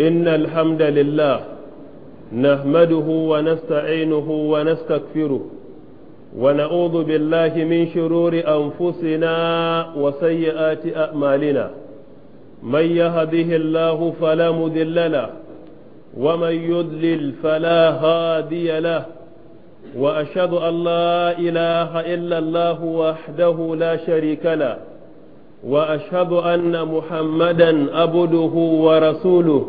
إن الحمد لله نحمده ونستعينه ونستغفره ونعوذ بالله من شرور أنفسنا وسيئات أعمالنا من يهده الله فلا مذل له ومن يضلل فلا هادي له وأشهد أن لا إله إلا الله وحده لا شريك له وأشهد أن محمدا أبده ورسوله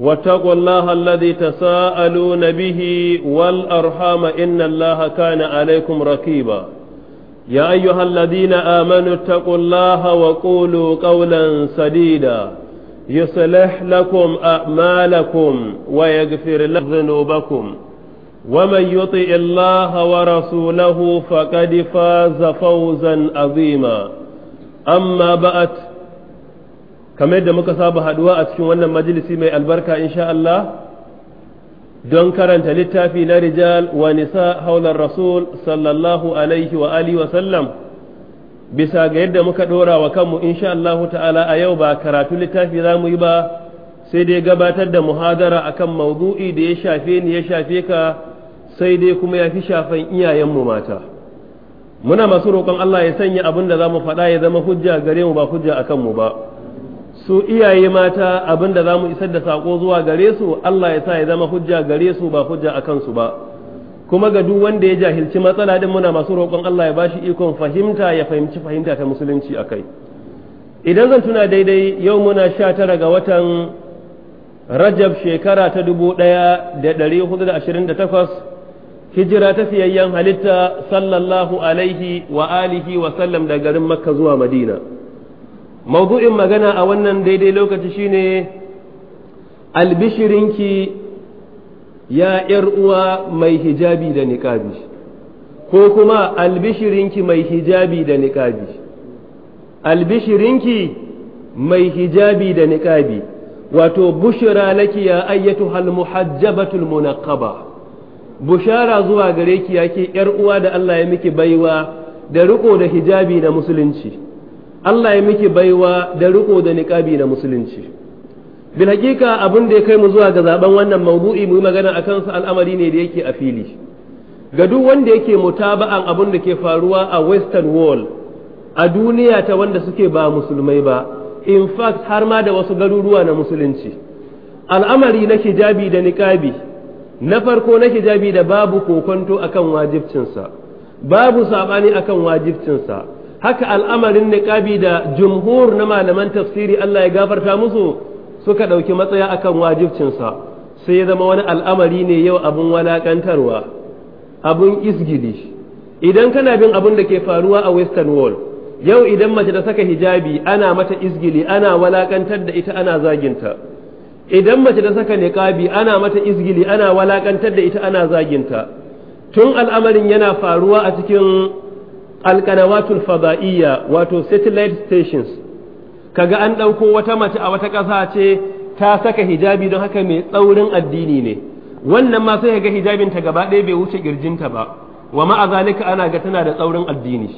واتقوا الله الذي تساءلون به والأرحام إن الله كان عليكم ركيبا يا أيها الذين آمنوا اتقوا الله وقولوا قولا سديدا يصلح لكم أعمالكم ويغفر لكم ذنوبكم ومن يطئ الله ورسوله فقد فاز فوزا عظيما أما بأت kamar yadda muka saba haduwa a cikin wannan majalisi mai albarka insha Allah don karanta littafi na rijal wa nisa haular rasul sallallahu alaihi wa alihi wa sallam bisa ga yadda muka dora wa kanmu insha Allah ta'ala a yau ba karatu littafi za mu yi ba sai dai gabatar da muhadara akan mawdu'i da ya shafe ni ya shafe ka sai dai kuma ya fi shafan iyayenmu mata muna masu roƙon Allah ya sanya abin da za mu faɗa ya zama hujja gare mu ba hujja akan mu ba su iyaye mata abinda za mu isar da sako zuwa gare su Allah ya sa ya zama hujja gare su ba hujja a kansu ba kuma ga duk wanda ya jahilci matsala din muna masu roƙon Allah ya bashi ikon fahimta ya fahimci fahimta ta musulunci a kai. idan zan tuna daidai yau muna sha tara ga watan rajab shekara ta dubu ɗaya da ɗari hudu da ashirin da takwas hijira ta fiyayyen halitta sallallahu alaihi wa alihi wa sallam da garin makka zuwa madina mawdu'in magana a wannan daidai lokaci shine albishirinki ya ‘yar uwa mai hijabi da niƙabi ko kuma albishirinki mai hijabi da niƙabi albishirinki mai hijabi da niƙabi wato bushira laki ya ayyatu hal muhajjabatul munaqqaba bushara zuwa gareki ki yake ‘yar uwa da Allah ya miki baiwa da riko da hijabi na musulunci Allah ya miki baiwa da riko da niƙabi na musulunci bil hakika abin da ya kai mu zuwa ga zaɓen wannan mawdu'i mu yi magana a sa al'amari ne da yake a fili ga duk wanda yake mutaba'an abin da ke faruwa a western world a duniya ta wanda suke ba musulmai ba in fact har ma da wasu garuruwa na musulunci al'amari na hijabi da niƙabi, na farko na hijabi da babu kokonto akan wajibcinsa babu sabani akan wajibcinsa haka al'amarin niƙabi da jumhur na malaman tafsiri Allah ya gafarta musu suka ɗauki matsaya akan wajibcinsa sai ya zama wani al'amari ne yau abin walakantarwa abin isgili idan kana bin abun da ke faruwa a western world yau idan mace da saka hijabi ana mata isgili ana walakantar da ita ana zaginta idan mace da saka niƙabi ana mata isgili ana walakantar da ita ana zaginta tun al'amarin yana faruwa a cikin alkanawatul fada'iyya wato satellite stations kaga an ɗauko wata mace a wata ƙasa ce ta saka hijabi don haka mai tsaurin addini ne wannan ma sai ga hijabin ta gaba ɗaya bai wuce kirjinta ba wa ma'a zalika ana ga tana da tsaurin addini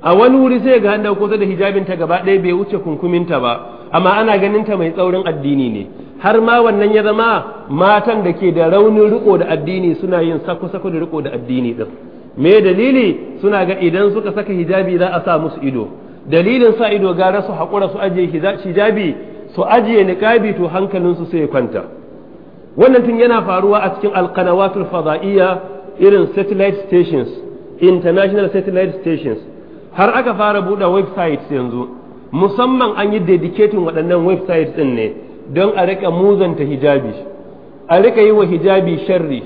a wani wuri sai ga an ɗauko ta da hijabin ta gaba ɗaya bai wuce kunkuminta ba amma ana ganin ta mai tsaurin addini ne har ma wannan ya zama matan da ke da raunin riko da addini suna yin sako-sako da riko da addini din me dalili suna ga idan suka saka hijabi za a sa musu ido dalilin sa ido gara su haƙura su ajiye hijabi su ajiye niqabi to hankalin su sai kwanta wannan tun yana faruwa a cikin alqanawatul fada'iyya irin satellite stations international satellite stations har aka fara buɗe websites yanzu musamman an yi dedicating waɗannan websites ɗin ne don a rika muzanta hijabi a rika yi wa hijabi sharri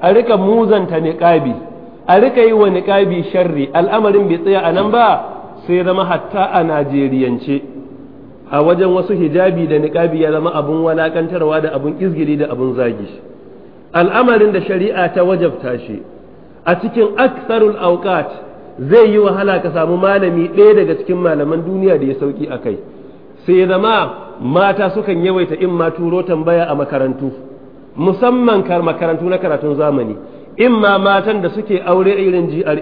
a rika muzanta niqabi a rika yi wa niƙabi sharri al'amarin bai tsaya a nan ba sai zama hatta a najeriyance a wajen wasu hijabi da niƙabi ya zama abun walakantarwa da abun ƙizgiri da abun zagi al'amarin da shari'a ta wajabta shi a cikin aksarul aukat, zai yi wahala ka samu malami ɗaya daga cikin malaman duniya da ya sauƙi a kai sai zama mata sukan yawaita in ma turo tambaya a makarantu musamman makarantu na karatun zamani in ma matan da suke aure irin GRA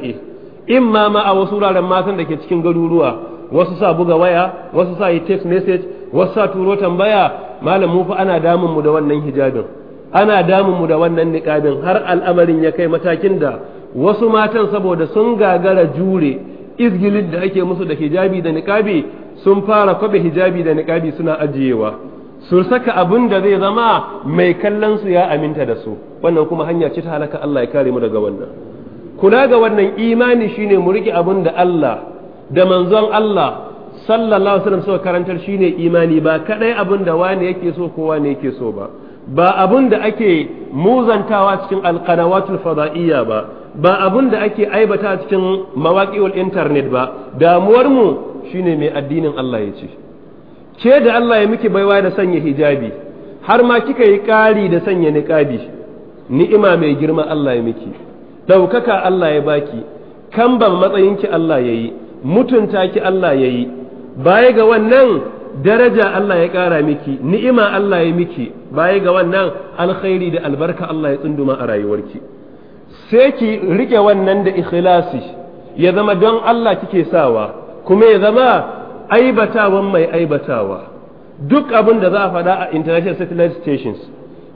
in ma ma a wasu wuraren matan da ke cikin garuruwa wasu sa buga waya wasu sa yi text message wasu sa turo tambaya malam mu fa ana damun mu da wannan hijabin ana damun mu da wannan niqabin har al'amarin ya kai matakin da wasu matan saboda sun gagara jure izgilin da ake musu da hijabi da niqabi sun fara kwabe hijabi da niqabi suna ajiyewa su saka abin da zai zama mai kallon su ya aminta da su wannan kuma hanya ce ta halaka Allah ya kare mu daga wannan kula ga wannan imani shine mu riƙe abun da Allah da manzon Allah sallallahu alaihi wasallam suka karantar shine imani ba kadai abin da wani yake so ko wani yake so ba ba abun da ake muzantawa cikin alqanawatul fada'iyya ba ba abun da ake aibata cikin mawaqi'ul internet ba damuwar mu shine mai addinin Allah ya ce ke da Allah ya miki baiwa da sanya hijabi har ma kika yi ƙari da sanya niqabi ni'ima mai girma Allah ya miki ɗaukaka Allah ya baki kamban ki Allah ya yi mutunta ki Allah ya yi baya ga wannan daraja Allah ya kara miki ni'ima Allah ya miki baya ga wannan alkhairi da albarka Allah ya tsunduma a rayuwarki sai ki rike wannan da ikhlasi ya zama don Allah kike sawa kuma ya zama aibatawan mai aibatawa duk abin da za a faɗa a international satellite stations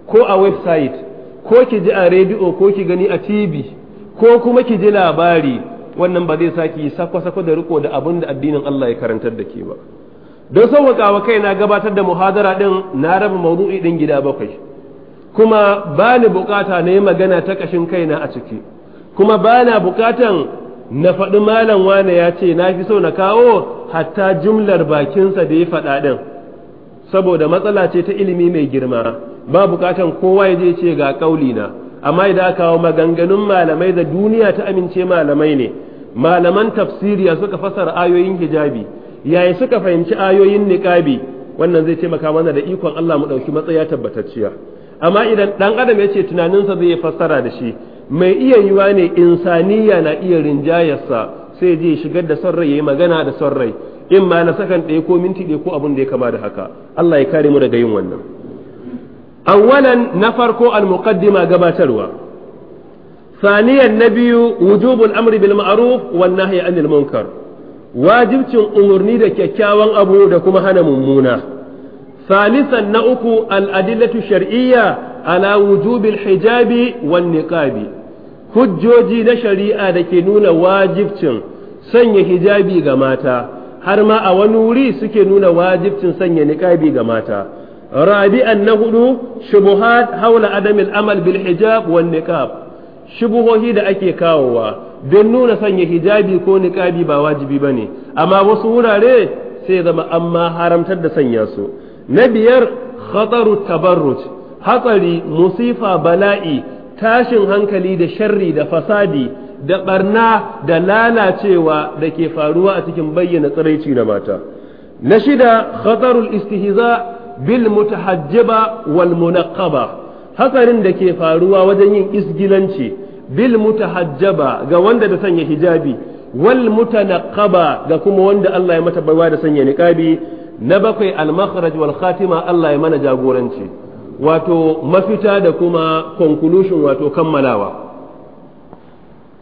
ko a website ko ki ji a rediyo ko ki gani a tv ko kuma ki ji labari wannan ba zai saki sako-sako da riko da abin da addinin Allah ya karantar da ke ba don kawa kai na gabatar da muhadara din na raba mawdu'i din gida bakwai kuma ba ni bukata na yi magana ta kashin kai na a ciki kuma ba na bukatan na faɗi malam wane ya ce na fi so na kawo hatta jumlar bakinsa da ya faɗa ɗin saboda matsala ce ta ilimi mai girma ba bukatan kowa ya je ce ga kauli na amma idan aka kawo maganganun malamai da duniya ta amince malamai ne malaman ya suka fasara ayoyin hijabi yayi suka fahimci ayoyin niqabi wannan zai taimaka mana da ikon Allah mu dauki matsaya tabbatacciya amma idan dan adam ya ce tunaninsa zai fassara da shi mai iya yiwa ne insaniya na iya rinjayarsa sai je shigar da son rai yayi magana da son rai in ma na sakan ɗaya ko minti ɗaya ko abin da ya kama da haka Allah ya kare mu daga yin wannan awwalan na farko al-muqaddima gabatarwa saniyan na biyu wujubul amri bil ma'ruf wan nahyi anil munkar wajibcin umurni da kyakkyawan abu da kuma hana mummuna salisan na uku al-adillatu shar'iyya ala wujubil hijabi wan niqabi hujjoji na shari'a da ke nuna wajibcin sanya hijabi ga mata har ma a wani wuri suke nuna wajibcin sanya niqabi ga mata na رابعا نهدو شبهات حول عدم الأمل بالحجاب والنقاب shubuhohi da ake kawowa don nuna sanya hijabi ko niƙabi ba wajibi ba ne amma wasu wurare sai zama amma haramtar da sanya su na biyar khataru tabarruj hatsari musifa bala'i tashin hankali da sharri da fasadi da barna da lalacewa da ke faruwa a cikin bayyana tsiraici na mata na shida khatarul istihiza. bil mutahajjaba wal munaqqaba hatsarin da ke faruwa wajen yin isgilanci bil mutahajjaba ga wanda da sanya hijabi wal mutanaqqaba ga kuma wanda Allah ya mata baiwa da sanya niqabi na bakwai al makhraj wal khatima Allah ya mana jagoranci wato mafita da kuma conclusion wato kammalawa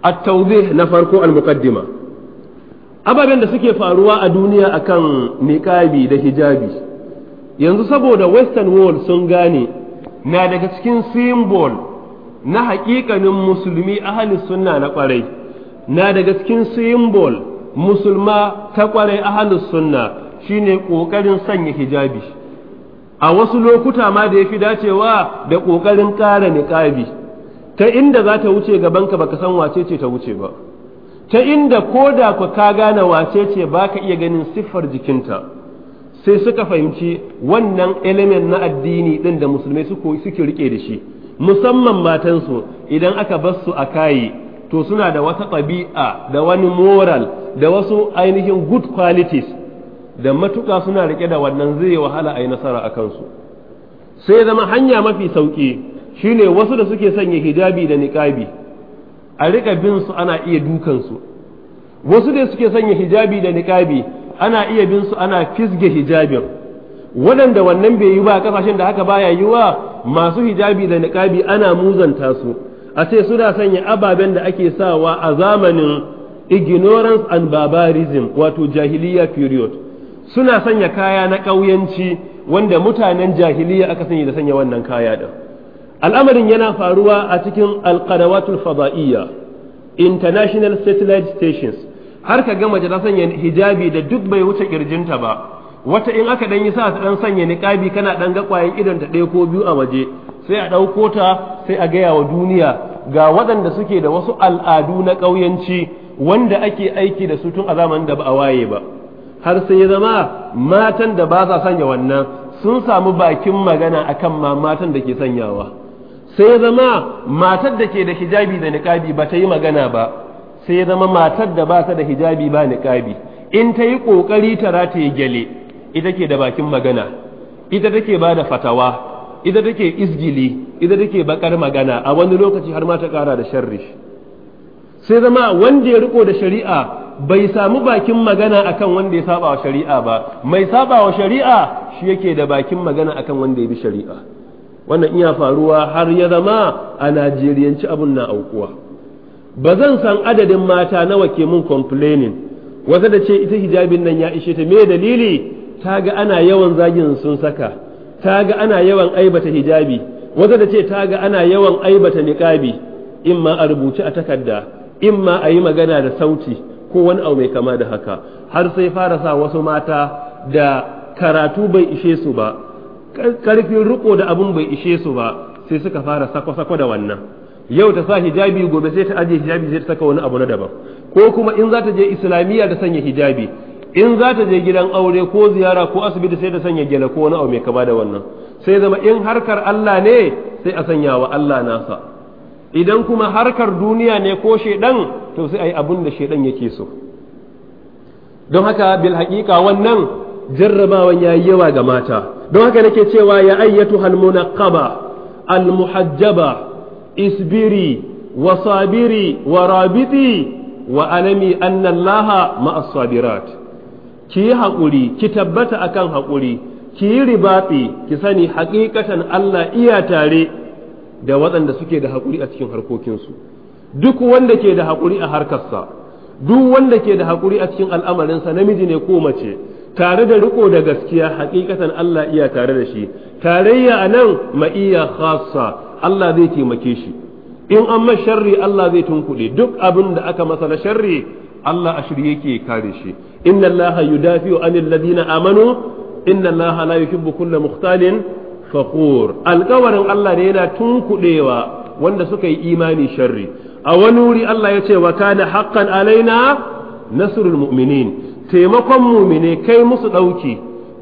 at-tawdih na farko al muqaddima ababen da suke faruwa a duniya akan niqabi da hijabi yanzu saboda western world sun gane na daga cikin symbol na haƙiƙanin musulmi ahalin sunna na kwarai. na daga cikin symbol musulma ta kwarai ahalin sunna shine ƙoƙarin sanya hijabi a wasu lokuta ma da ya fi dacewa da ƙoƙarin ƙara niƙabi ta inda za ta wuce gabanka baka san wace ce ta wuce ba ta inda ko da ka gane wace ce ba ka iya ganin siffar jikinta sai suka fahimci wannan element na addini din da musulmai suke rike da shi musamman matansu idan aka bar su a kayi to suna da wata ɗabi'a da wani moral da wasu ainihin good qualities da matuƙa suna rike da wannan zai wahala a yi nasara a kansu sai zama hanya mafi sauƙi shine wasu da suke sanya hijabi da niƙabi a rika bin su ana iya dukansu wasu da suke sanya hijabi da niƙabi ana iya bin su ana fisge hijabin waɗanda wannan bai yi ba kasashen da haka baya yi wa masu hijabi da niƙabi ana muzanta su a ce suna sanya ababen da ake sawa a zamanin ignorance and barbarism wato jahiliya period suna sanya kaya na ƙauyanci wanda mutanen jahiliya aka sanya da sanya wannan kaya din al'amarin yana faruwa a cikin alqadawatul fada'iyya international satellite stations har ka gama ta sanya hijabi da duk bai wuce kirjinta ba wata in aka dan yi sa ta dan sanya niqabi kana dan ga kwayan idan ta ɗaya ko biyu a waje sai a ɗauko ta sai a gaya wa duniya ga waɗanda suke da wasu al'adu na ƙauyanci wanda ake aiki da su tun a zamanin da ba a waye ba har sai ya zama matan da ba za sanya wannan sun samu bakin magana akan ma matan da ke sanyawa sai ya zama matar da ke da hijabi da niqabi ba ta yi magana ba sai ya zama matar da ba ta da hijabi ba kabi in ta yi kokari ta rataye gyale ita ke da bakin magana ita take ba da fatawa ita take izgili ita take bakar magana a wani lokaci har ma ta kara da sharri sai zama wanda ya riko da shari'a bai samu bakin magana akan wanda ya saba wa shari'a ba mai saba wa shari'a shi yake da bakin magana akan wanda ya bi shari'a wannan iya faruwa har ya zama a najeriyanci abun na aukuwa ba zan san adadin mata nawa ke mun complaining wata da ce ita hijabin nan ya ishe ta me dalili ta ga ana yawan zagin sun saka ta ga ana yawan aibata hijabi wata da ce ta ga ana yawan aibata niqabi In ma a rubuce a takarda In ma a yi magana da sauti ko wani abu mai kama da haka har sai fara sa wasu mata da karatu bai ishe su ba karfin riko da abun bai ishe su ba sai suka fara sako-sako da wannan yau ta sa hijabi gobe sai ta aje hijabi sai ta saka wani abu na daban ko kuma in za ta je islamiyya ta sanya hijabi in za ta je gidan aure ko ziyara ko asibiti sai ta sanya gele ko wani abu mai kama da wannan sai zama in harkar Allah ne sai a sanya wa Allah nasa idan kuma harkar duniya ne ko shedan to sai ayi abun da shedan yake so don haka bil haqiqa wannan jarrabawan yayi yawa ga mata don haka nake cewa ya ayyatu hal munaqqaba al isbiri wa sabiri wa rabiti wa alami anna Allah ma'as ki yi haƙuri ki tabbata akan haƙuri ki yi ribaɗi, ki sani haƙiƙatan Allah iya tare da waɗanda suke da haƙuri a cikin harkokinsu duk wanda ke da haƙuri a harkarsa duk wanda ke da haƙuri a cikin al'amarinsa namiji ne ko mace tare da riko da gaskiya hakikatan Allah iya tare da shi tarayya anan ma iya khassa Allah zai taimake shi in an ma sharri Allah zai tunkuɗe duk abin da aka masa na sharri Allah a shirye yake kare shi inna Allah yudafi'u anil ladina amanu inna Allah la yuhibbu kulla mukhtalin fakhur alkawarin Allah ne yana tunkuɗewa wanda suka yi imani sharri a wani wuri Allah ya ce wa kana haqqan alaina nasrul mu'minin taimakon mumine kai musu ɗauki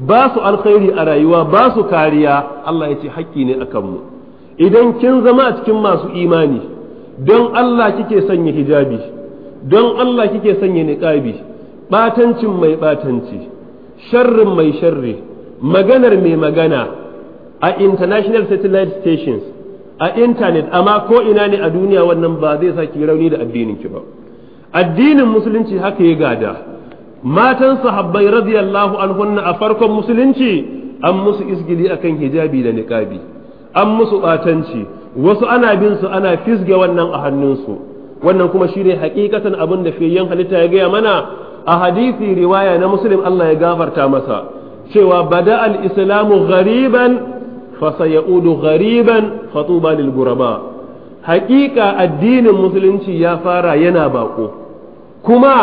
ba su alkhairi a rayuwa ba su kariya Allah ya ce haƙƙi ne akan mu idan kin zama a cikin masu imani don Allah kike sanya hijabi don Allah kike sanya niqabi batancin mai batanci sharrin mai sharri maganar mai magana a international satellite stations a intanet amma ko ina ne a duniya wannan ba zai sa ki rauni da addinin ki ba addinin musulunci haka ya gada matan sahabbai radiyallahu anhunna a farkon musulunci an musu isgili akan hijabi da niqabi an musu batanci wasu ana bin su ana fisge wannan a hannunsu wannan kuma shine hakikatan abin da fiyayyen halitta ya gaya mana a hadisi riwaya na muslim Allah ya gafarta masa cewa bada al-islamu ghariban fa sayaudu ghariban fatuba lil guraba haƙiƙa addinin musulunci ya fara yana bako kuma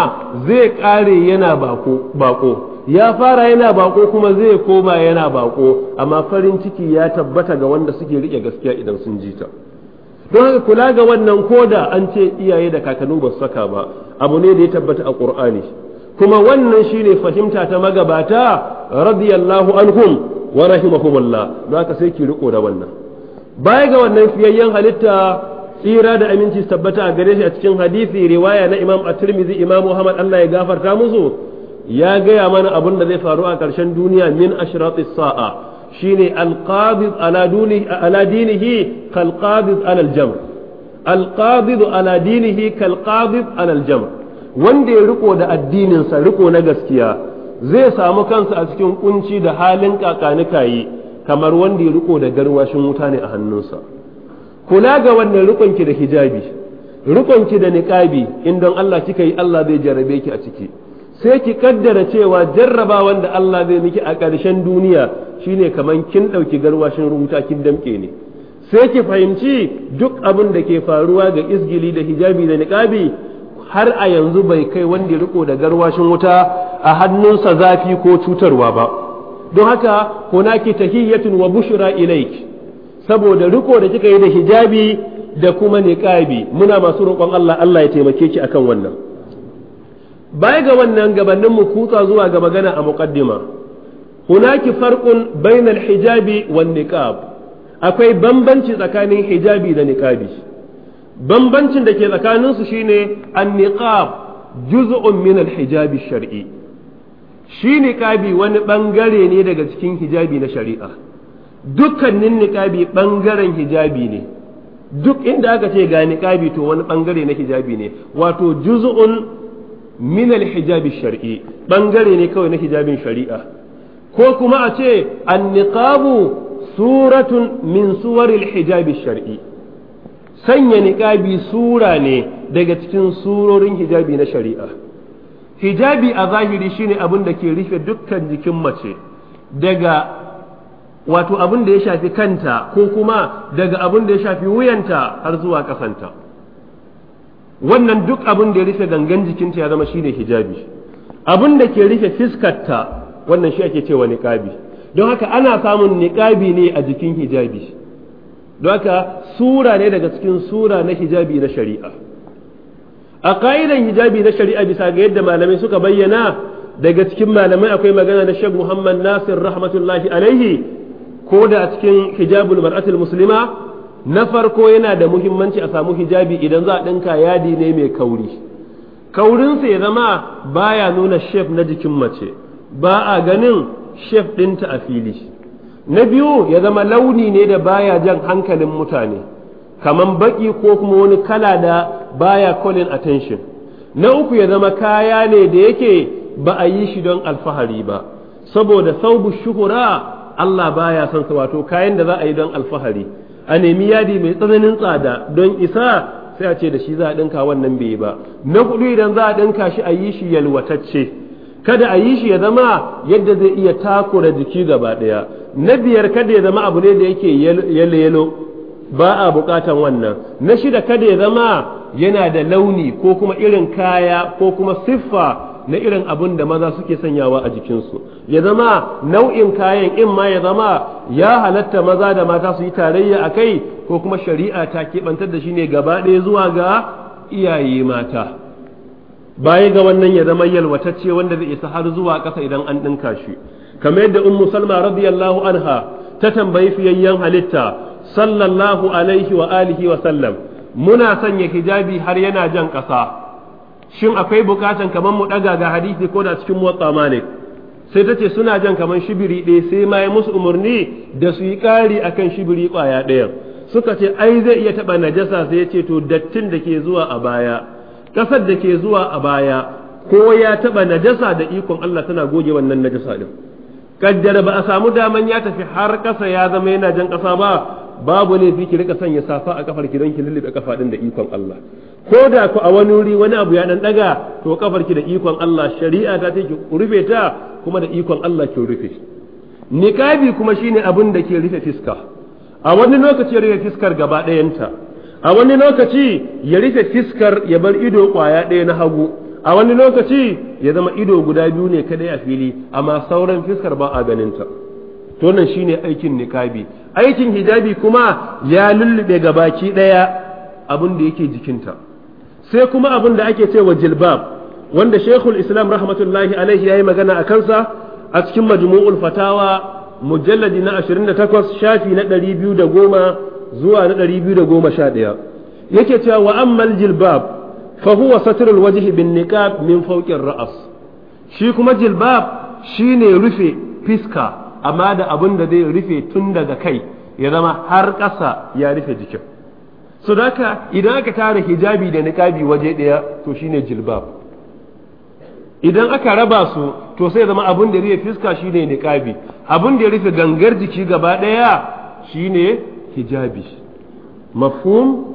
zai kare yana bako bako ya fara yana bako kuma zai koma yana bako amma farin ciki ya tabbata ga wanda suke rike gaskiya idan sun ji ta don haka kula ga wannan koda an ce iyaye da kakanni ba saka ba abu ne da ya tabbata a qur'ani kuma wannan shine fahimta ta magabata radiyallahu anhum wa rahimahumullah don haka sai ki riko da wannan baya ga wannan fiyayyen halitta tsira da aminci tabbata a gare shi a cikin hadisi riwaya na imam at-tirmidhi imam Muhammad Allah ya gafarta musu ya gaya mana abin da zai faru a ƙarshen duniya min ashratis sa'a shine alqabid ala dunihi ala dinihi kalqabid ala aljamr alqabid ala dinihi kalqabid ala aljamr wanda ya riko da addinin sa riko na gaskiya zai samu kansa a cikin kunci da halin kakanikayi kamar wanda ya riko da garwashin wuta ne a hannunsa kula ga wannan rikonki da hijabi rikonki da niqabi in Allah kika yi Allah zai jarabe ki a ciki sai ki kaddara cewa jarraba wanda Allah zai miki a ƙarshen duniya shine kamar kin ɗauki garwashin rubuta kin damƙe ne sai ki fahimci duk abin da ke faruwa ga izgili da hijabi da niƙabi har a yanzu bai kai wanda ya riko da garwashin wuta a hannunsa zafi ko cutarwa ba don haka hunaki tahiyyatun wa bushra ilaik saboda riko da kika yi da hijabi da kuma niƙabi muna masu roƙon Allah Allah ya taimake ki akan wannan baya ga wannan gabanin mu kutsa zuwa ga magana a muqaddima hunaki farqun bainal hijabi wan niqab akwai bambanci tsakanin hijabi da niqabi bambancin da ke tsakanin su shine an-niqab juz'un min al-hijabi shar'i shi niqabi wani bangare ne daga cikin hijabi na shari'a dukkanin niqabi bangaren hijabi ne duk inda aka ce ga niqabi to wani bangare na hijabi ne wato juz'un min hijabi shar'i bangare ne kawai na hijabin shari'a ko kuma a ce an-niqabu suratun min suwaril hijabi shar'i sanya niqabi sura ne daga cikin surorin hijabi na shari'a hijabi a zahiri shine abin da ke rufe dukkan jikin mace daga wato abin da ya shafi kanta ko kuma daga abin da ya shafi wuyanta har zuwa kasanta wannan duk abin da ya rufe gangan jikinta ya zama shi ne hijabi abin da ke rufe fiskarta wannan shi ake cewa niqabi don haka ana samun niqabi ne a jikin hijabi don haka sura ne daga cikin sura na hijabi na shari'a a ƙa'idan hijabi na shari'a bisa ga yadda malamai suka bayyana daga cikin malamai akwai magana na Sheikh Muhammad Nasir rahmatullahi alaihi ko da a cikin hijabul mar'atul muslima na farko yana da muhimmanci a samu hijabi idan za a ɗinka yadi ne mai kauri kaurinsa ya zama baya nuna shef na jikin mace ba a ganin shef ɗinta a fili na biyu ya zama launi ne da baya jan hankalin mutane kaman baki ko kuma wani kala da baya calling attention na uku ya zama kaya ne da yake ba a yi shi don alfahari ba saboda saubu shuhura Allah baya son sa wato kayan da za a yi don alfahari a nemi yadi mai tsananin tsada don isa sai a ce da shi za a ɗinka wannan bai ba na kudu idan za a ɗinka shi a yi shi yalwatacce kada a yi shi ya zama yadda zai iya takura jiki gaba ɗaya na biyar kada ya zama abu ne da yake yalo ba a bukatan wannan na shida kada ya zama yana da launi ko kuma irin kaya ko kuma siffa na irin abin da maza suke sanyawa a jikinsu ya zama nau'in kayan in ma ya zama ya halatta maza da mata su yi tarayya a kai ko kuma shari'a ta keɓantar da shi ne gaba ɗaya zuwa ga iyaye mata baya ga wannan ya zama yalwatacce wanda zai isa har zuwa ƙasa idan an ɗinka shi kamar yadda ummu salma radiyallahu anha ta tambayi fiyayyen halitta sallallahu alaihi wa alihi wa sallam muna sanya hijabi har yana jan ƙasa shin akwai bukatan kamar mu daga ga hadisi ko da cikin muwatta ne? sai ta ce suna jan kamar shibiri ɗaya sai ma ya musu umarni da su yi ƙari akan shibiri ƙwaya ɗaya suka ce ai zai iya taɓa najasa sai ya ce to dattin da ke zuwa a baya ƙasar da ke zuwa a baya ko ya taɓa najasa da ikon Allah tana goge wannan najasa ɗin kaddar ba a samu daman ya tafi har ƙasa ya zama yana jan ƙasa ba babu ne fi ki rika sanya safa a kafar ki don ki lullube kafa ɗin da ikon Allah ko da ku a wani wuri wani abu ya dan daga to kafarki da ikon Allah shari'a ta take rufe ta kuma da ikon Allah ke rufe nikabi kuma shine abin da ke rufe fiska a wani lokaci ya rufe fiskar gaba ɗayanta a wani lokaci ya rufe fiskar ya bar ido kwaya ɗaya na hagu a wani lokaci ya zama ido guda biyu ne kadai a fili amma sauran fiskar ba a ganinta to nan shine aikin nikabi aikin hijabi kuma ya lullube gabaki ɗaya abin da yake jikinta sai kuma abin da ake cewa jilbab wanda shekul islam rahmatullahi alaihi ya yi magana a kansa a cikin majmu'ul fatawa mujalladi na 28 shafi na 210 zuwa na 211 yake cewa wa ammal jilbab fa huwa satrul wajhi bin niqab min fawqir ra'as shi kuma jilbab shine rufe fiska amma da abin da zai rufe tun daga kai ya zama har ƙasa ya rufe jikin so idan aka tara hijabi da niqabi waje daya to shine jilbab idan aka raba su to sai zama abin da rufe fiska shine niqabi abin da rufe gangar jiki gaba daya shine hijabi mafhum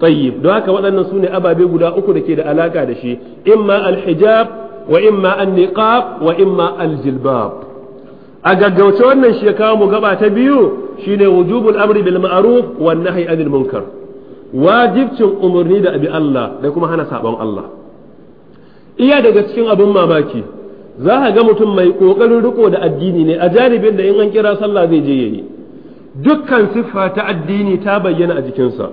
tayyib don haka waɗannan su ne ababe guda uku da ke da alaka da shi imma alhijab wa imma an wa imma aljilbab a gaggauce wannan shekara mu gaba ta biyu shine wujubul amri bil ma'ruf wan nahyi anil munkar wajibcin umarni da abi Allah da kuma hana sabon Allah iya daga cikin abin mamaki za ka ga mutum mai ƙoƙarin riko da addini ne a jaribin da in an kira sallah zai je yayi dukkan siffa ta addini ta bayyana a jikinsa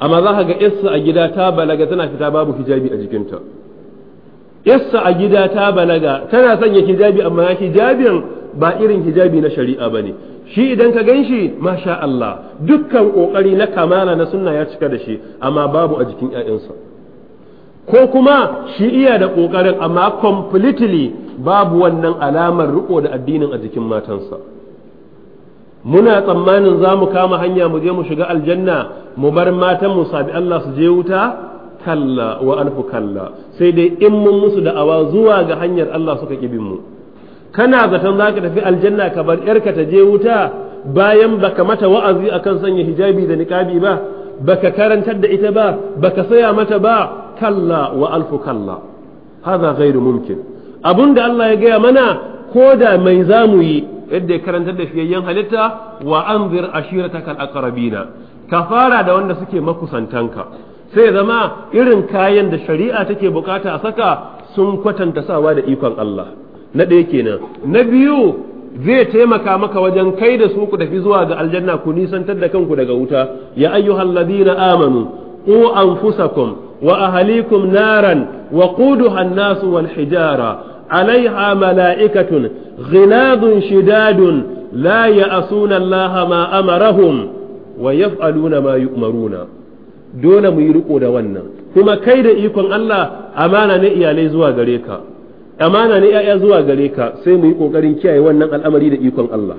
amma za ka ga issa a gida ta balaga tana fita babu hijabi a jikinta issa a gida ta balaga tana sanya hijabi amma hijabin ba irin hijabi na shari'a ba ne. shi idan ka gan shi masha Allah dukkan ƙoƙari na kamala na sunna ya cika da shi amma babu a jikin ‘ya'yansa ko kuma shi iya da ƙoƙarin amma completely babu wannan alamar riko da addinin a jikin matansa muna tsammanin za mu kama hanya mu je mu shiga aljanna mu bar matan mu sabi Allah su je wuta kalla wa alfu kalla sai dai in mun musu da'awa zuwa ga hanyar Allah suka ƙibin mu kana zaton za ka tafi aljanna ka bar yarka ta je wuta bayan baka mata wa'azi akan sanya hijabi da niqabi ba baka karantar da ita ba baka saya mata ba kalla wa alfu kalla hadha ghairu mumkin abunda Allah ya gaya mana ko da mai zamu yi yadda ya karantar da fiyayyen halitta wa anzir ashiratakal aqrabina ka fara da wanda suke makusantanka sai zama irin kayan da shari'a take bukata a saka sun kwatanta sawa da ikon Allah na ɗaya kenan na biyu zai taimaka maka wajen kai da su ku tafi zuwa ga aljanna ku nisantar da kanku daga wuta ya ayyuhal ladina amanu qu anfusakum wa ahlikum naran wa hannasu an wal hijara alaiha mala'ikatun ghinadun shidadun la ya'suna Allah ma amarahum wa yaf'aluna ma yu'maruna dole mu yi riko da wannan kuma kai da ikon Allah amana ne iyalai zuwa gare ka amana ne ya'ya zuwa gare ka sai mu yi kokarin kiyaye wannan al'amari da ikon Allah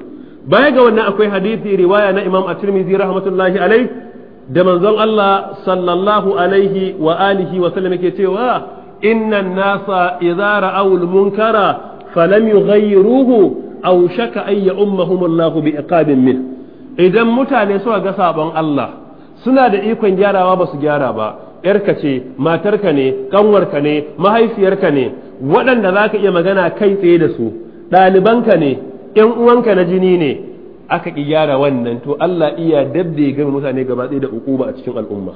baya ga wannan akwai hadisi riwaya na Imam At-Tirmidhi rahmatullahi alaihi da manzon Allah sallallahu alaihi wa alihi wa sallam yake cewa innan nasa idza ra'aw al-munkara falam yughayyiruhu aw shaka ay ya'ummahum Allah bi iqabin min idan mutane suka ga sabon Allah suna da ikon gyarawa ba su gyara ba yarka ce matarka ne kanwarka ne mahaifiyarka ne waɗanda za ka iya magana kai tsaye da su ɗalibanka ne ‘yan uwanka na jini ne aka ƙi gyara wannan to Allah iya dabbe game mutane gaba tsaye da ukuba a cikin al'umma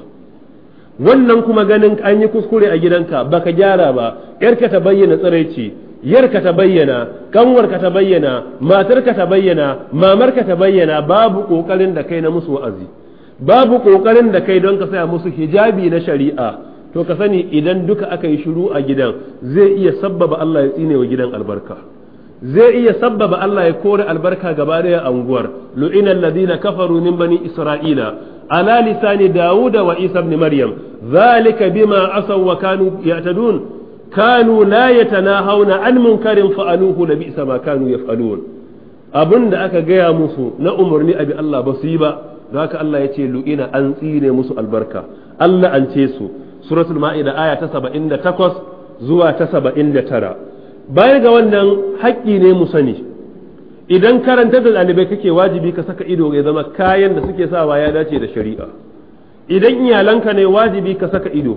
wannan kuma ganin an yi kuskure a gidanka baka gyara ba ‘yarka ta bayyana tsiraici yarka ta bayyana kanwarka ta bayyana matarka ta bayyana mamarka ta bayyana babu kokarin da kai na musu wa'azi babu kokarin da kai don ka saya musu hijabi na shari'a to ka sani idan duka aka yi shiru a gidan zai iya sabbaba Allah ya tsine wa gidan albarka zai iya sabbaba Allah ya kore albarka gaba daya anguwar lu'ina alladhina kafaru min bani isra'ila ala lisani dauda wa isa ibn maryam zalika bima asaw wa kanu ya'tadun kanu la yatanahawna an munkarin fa'aluhu la bi'sa ma kanu yaf'alun abinda aka gaya musu na umarni abi Allah ba su yi ba haka Allah ya ce lu'ina an tsine musu albarka Allah an ce su suratul ma'ida aya ta 78 zuwa ta saba'in da tara. bayan ga wannan haƙƙi ne mu sani idan karanta da ɗalibai kake wajibi ka saka ido ya zama kayan da suke sawa ya dace da shari'a idan iyalanka ne wajibi ka saka ido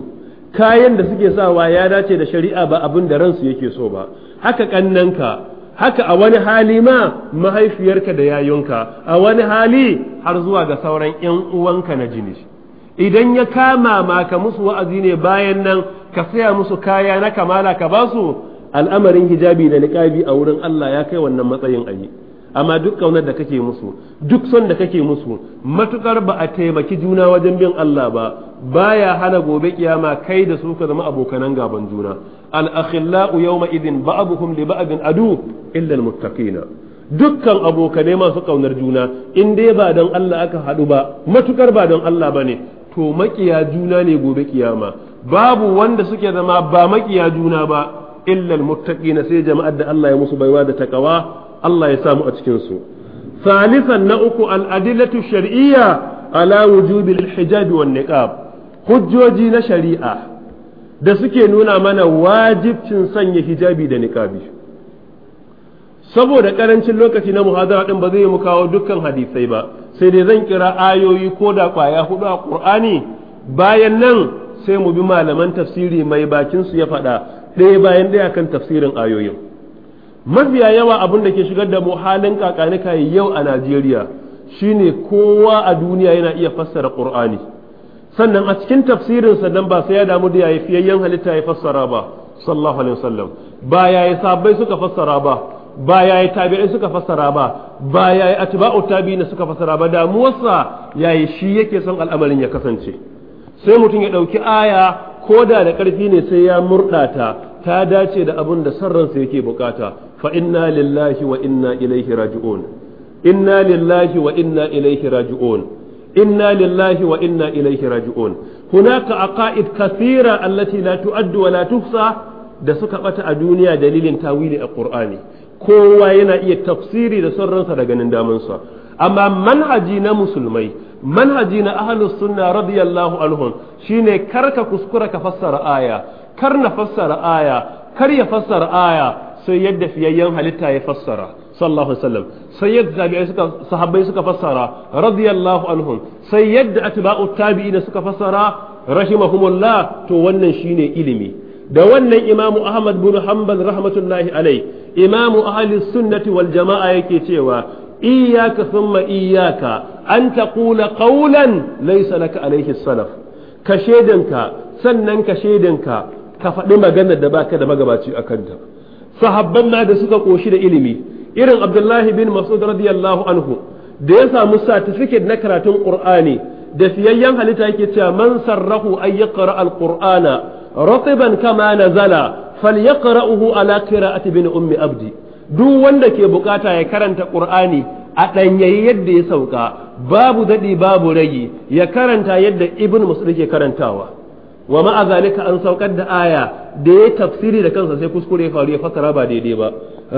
kayan da suke sawa ya dace da shari'a ba abin da ransu yake so ba haka kannanka haka a wani hali ma mahaifiyarka da yayunka a wani hali har zuwa ga sauran 'yan uwanka na jini idan ya kama maka musu wa'azi ne bayan nan ka saya musu kaya na kamala ka ba su al'amarin hijabi da niƙabi a wurin Allah ya kai wannan matsayin a yi. amma duk kaunar da kake musu duk son da kake musu matukar ba a taimaki juna wajen bin Allah ba baya hana gobe kiyama kai da su ka zama abokanan gaban juna al akhillau yawma idin ba'abuhum li ba'din adu illa al muttaqina dukkan abokane masu ƙaunar juna in dai ba don Allah aka haɗu ba matukar ba don Allah bane to maƙiya juna ne gobe kiyama babu wanda suke zama ba makiya juna ba illal na sai jama'ar da Allah ya musu baiwa da takawa Allah ya samu a cikin su salisan na uku adillatu shar'iyya ala wujubil hijabi wan niqab hujjoji na shari'a da suke nuna mana wajibcin sanya hijabi da niqabi saboda karancin lokaci na muhadara din ba zai mu kawo dukkan hadisai ba sai dai zan kira ayoyi ko da kwaya hudu a qur'ani bayan nan sai mu bi malaman tafsiri mai bakin su ya faɗa ɗaya bayan ɗaya kan tafsirin ayoyin mafiya yawa abin da ke shigar da mu halin kakanika yau a Najeriya shine kowa a duniya yana iya fassara Qur'ani sannan a cikin tafsirin sa dan ba sai ya damu da yayi fiyayyen halitta ya fassara ba sallallahu alaihi wasallam ba yayi sabbai suka fassara ba ba yayi tabi'ai suka fassara ba ba yayi atba'u tabi'ina suka fassara ba damuwarsa yayi shi yake son al'amarin ya kasance sai mutum ya ɗauki aya ko da da ƙarfi ne sai ya murɗata ta dace da abin da ransa yake bukata fa inna lillahi wa inna ilaihi raji'un inna lillahi wa inna ilaihi raji'un inna lillahi wa inna ilaihi raji'un hunaka aqaid kathira allati la tu'addu wa la tuhsa da suka bata a duniya dalilin tawili a qur'ani kowa yana iya tafsiri da son ransa da ganin damansa amma manhaji na musulmai manhaji na ahlus sunna radiyallahu anhum shine karka kuskura ka fassara aya kar na fassara aya kar ya fassara aya sai yadda fiyayyen halitta ya fassara sallallahu alaihi wasallam sai yadda tabi'ai suka sahabbai suka fassara radiyallahu anhum sai yadda atba'u tabi'ina suka fassara rahimahumullah to wannan shine ilimi da wannan imamu ahmad bin hanbal rahmatullahi alaihi imamu ahli sunnati wal jama'a yake cewa iyyaka thumma iyyaka an taqula qawlan laysa laka alayhi salaf ka shedanka sannan ka shedanka ka faɗi maganar da baka da magabaci a kanta. sahabban na da suka koshi da ilimi irin abdullahi bin mas'ud radiyallahu anhu da ya samu certificate na karatun qur'ani da fiyayyen halitta yake cewa man sarrahu ay yaqra al-qur'ana ratiban kama na nazala uhu a qira'ati bin ummi abdi duk wanda ke buƙata ya karanta qur'ani a ɗan yayi yadda ya sauka babu dadi babu ragi ya karanta yadda ibn mas'ud ke karantawa wa ma'a zalika an saukar da aya da ya tafsiri da kansa sai kuskure ya faru ya fasara ba daidai ba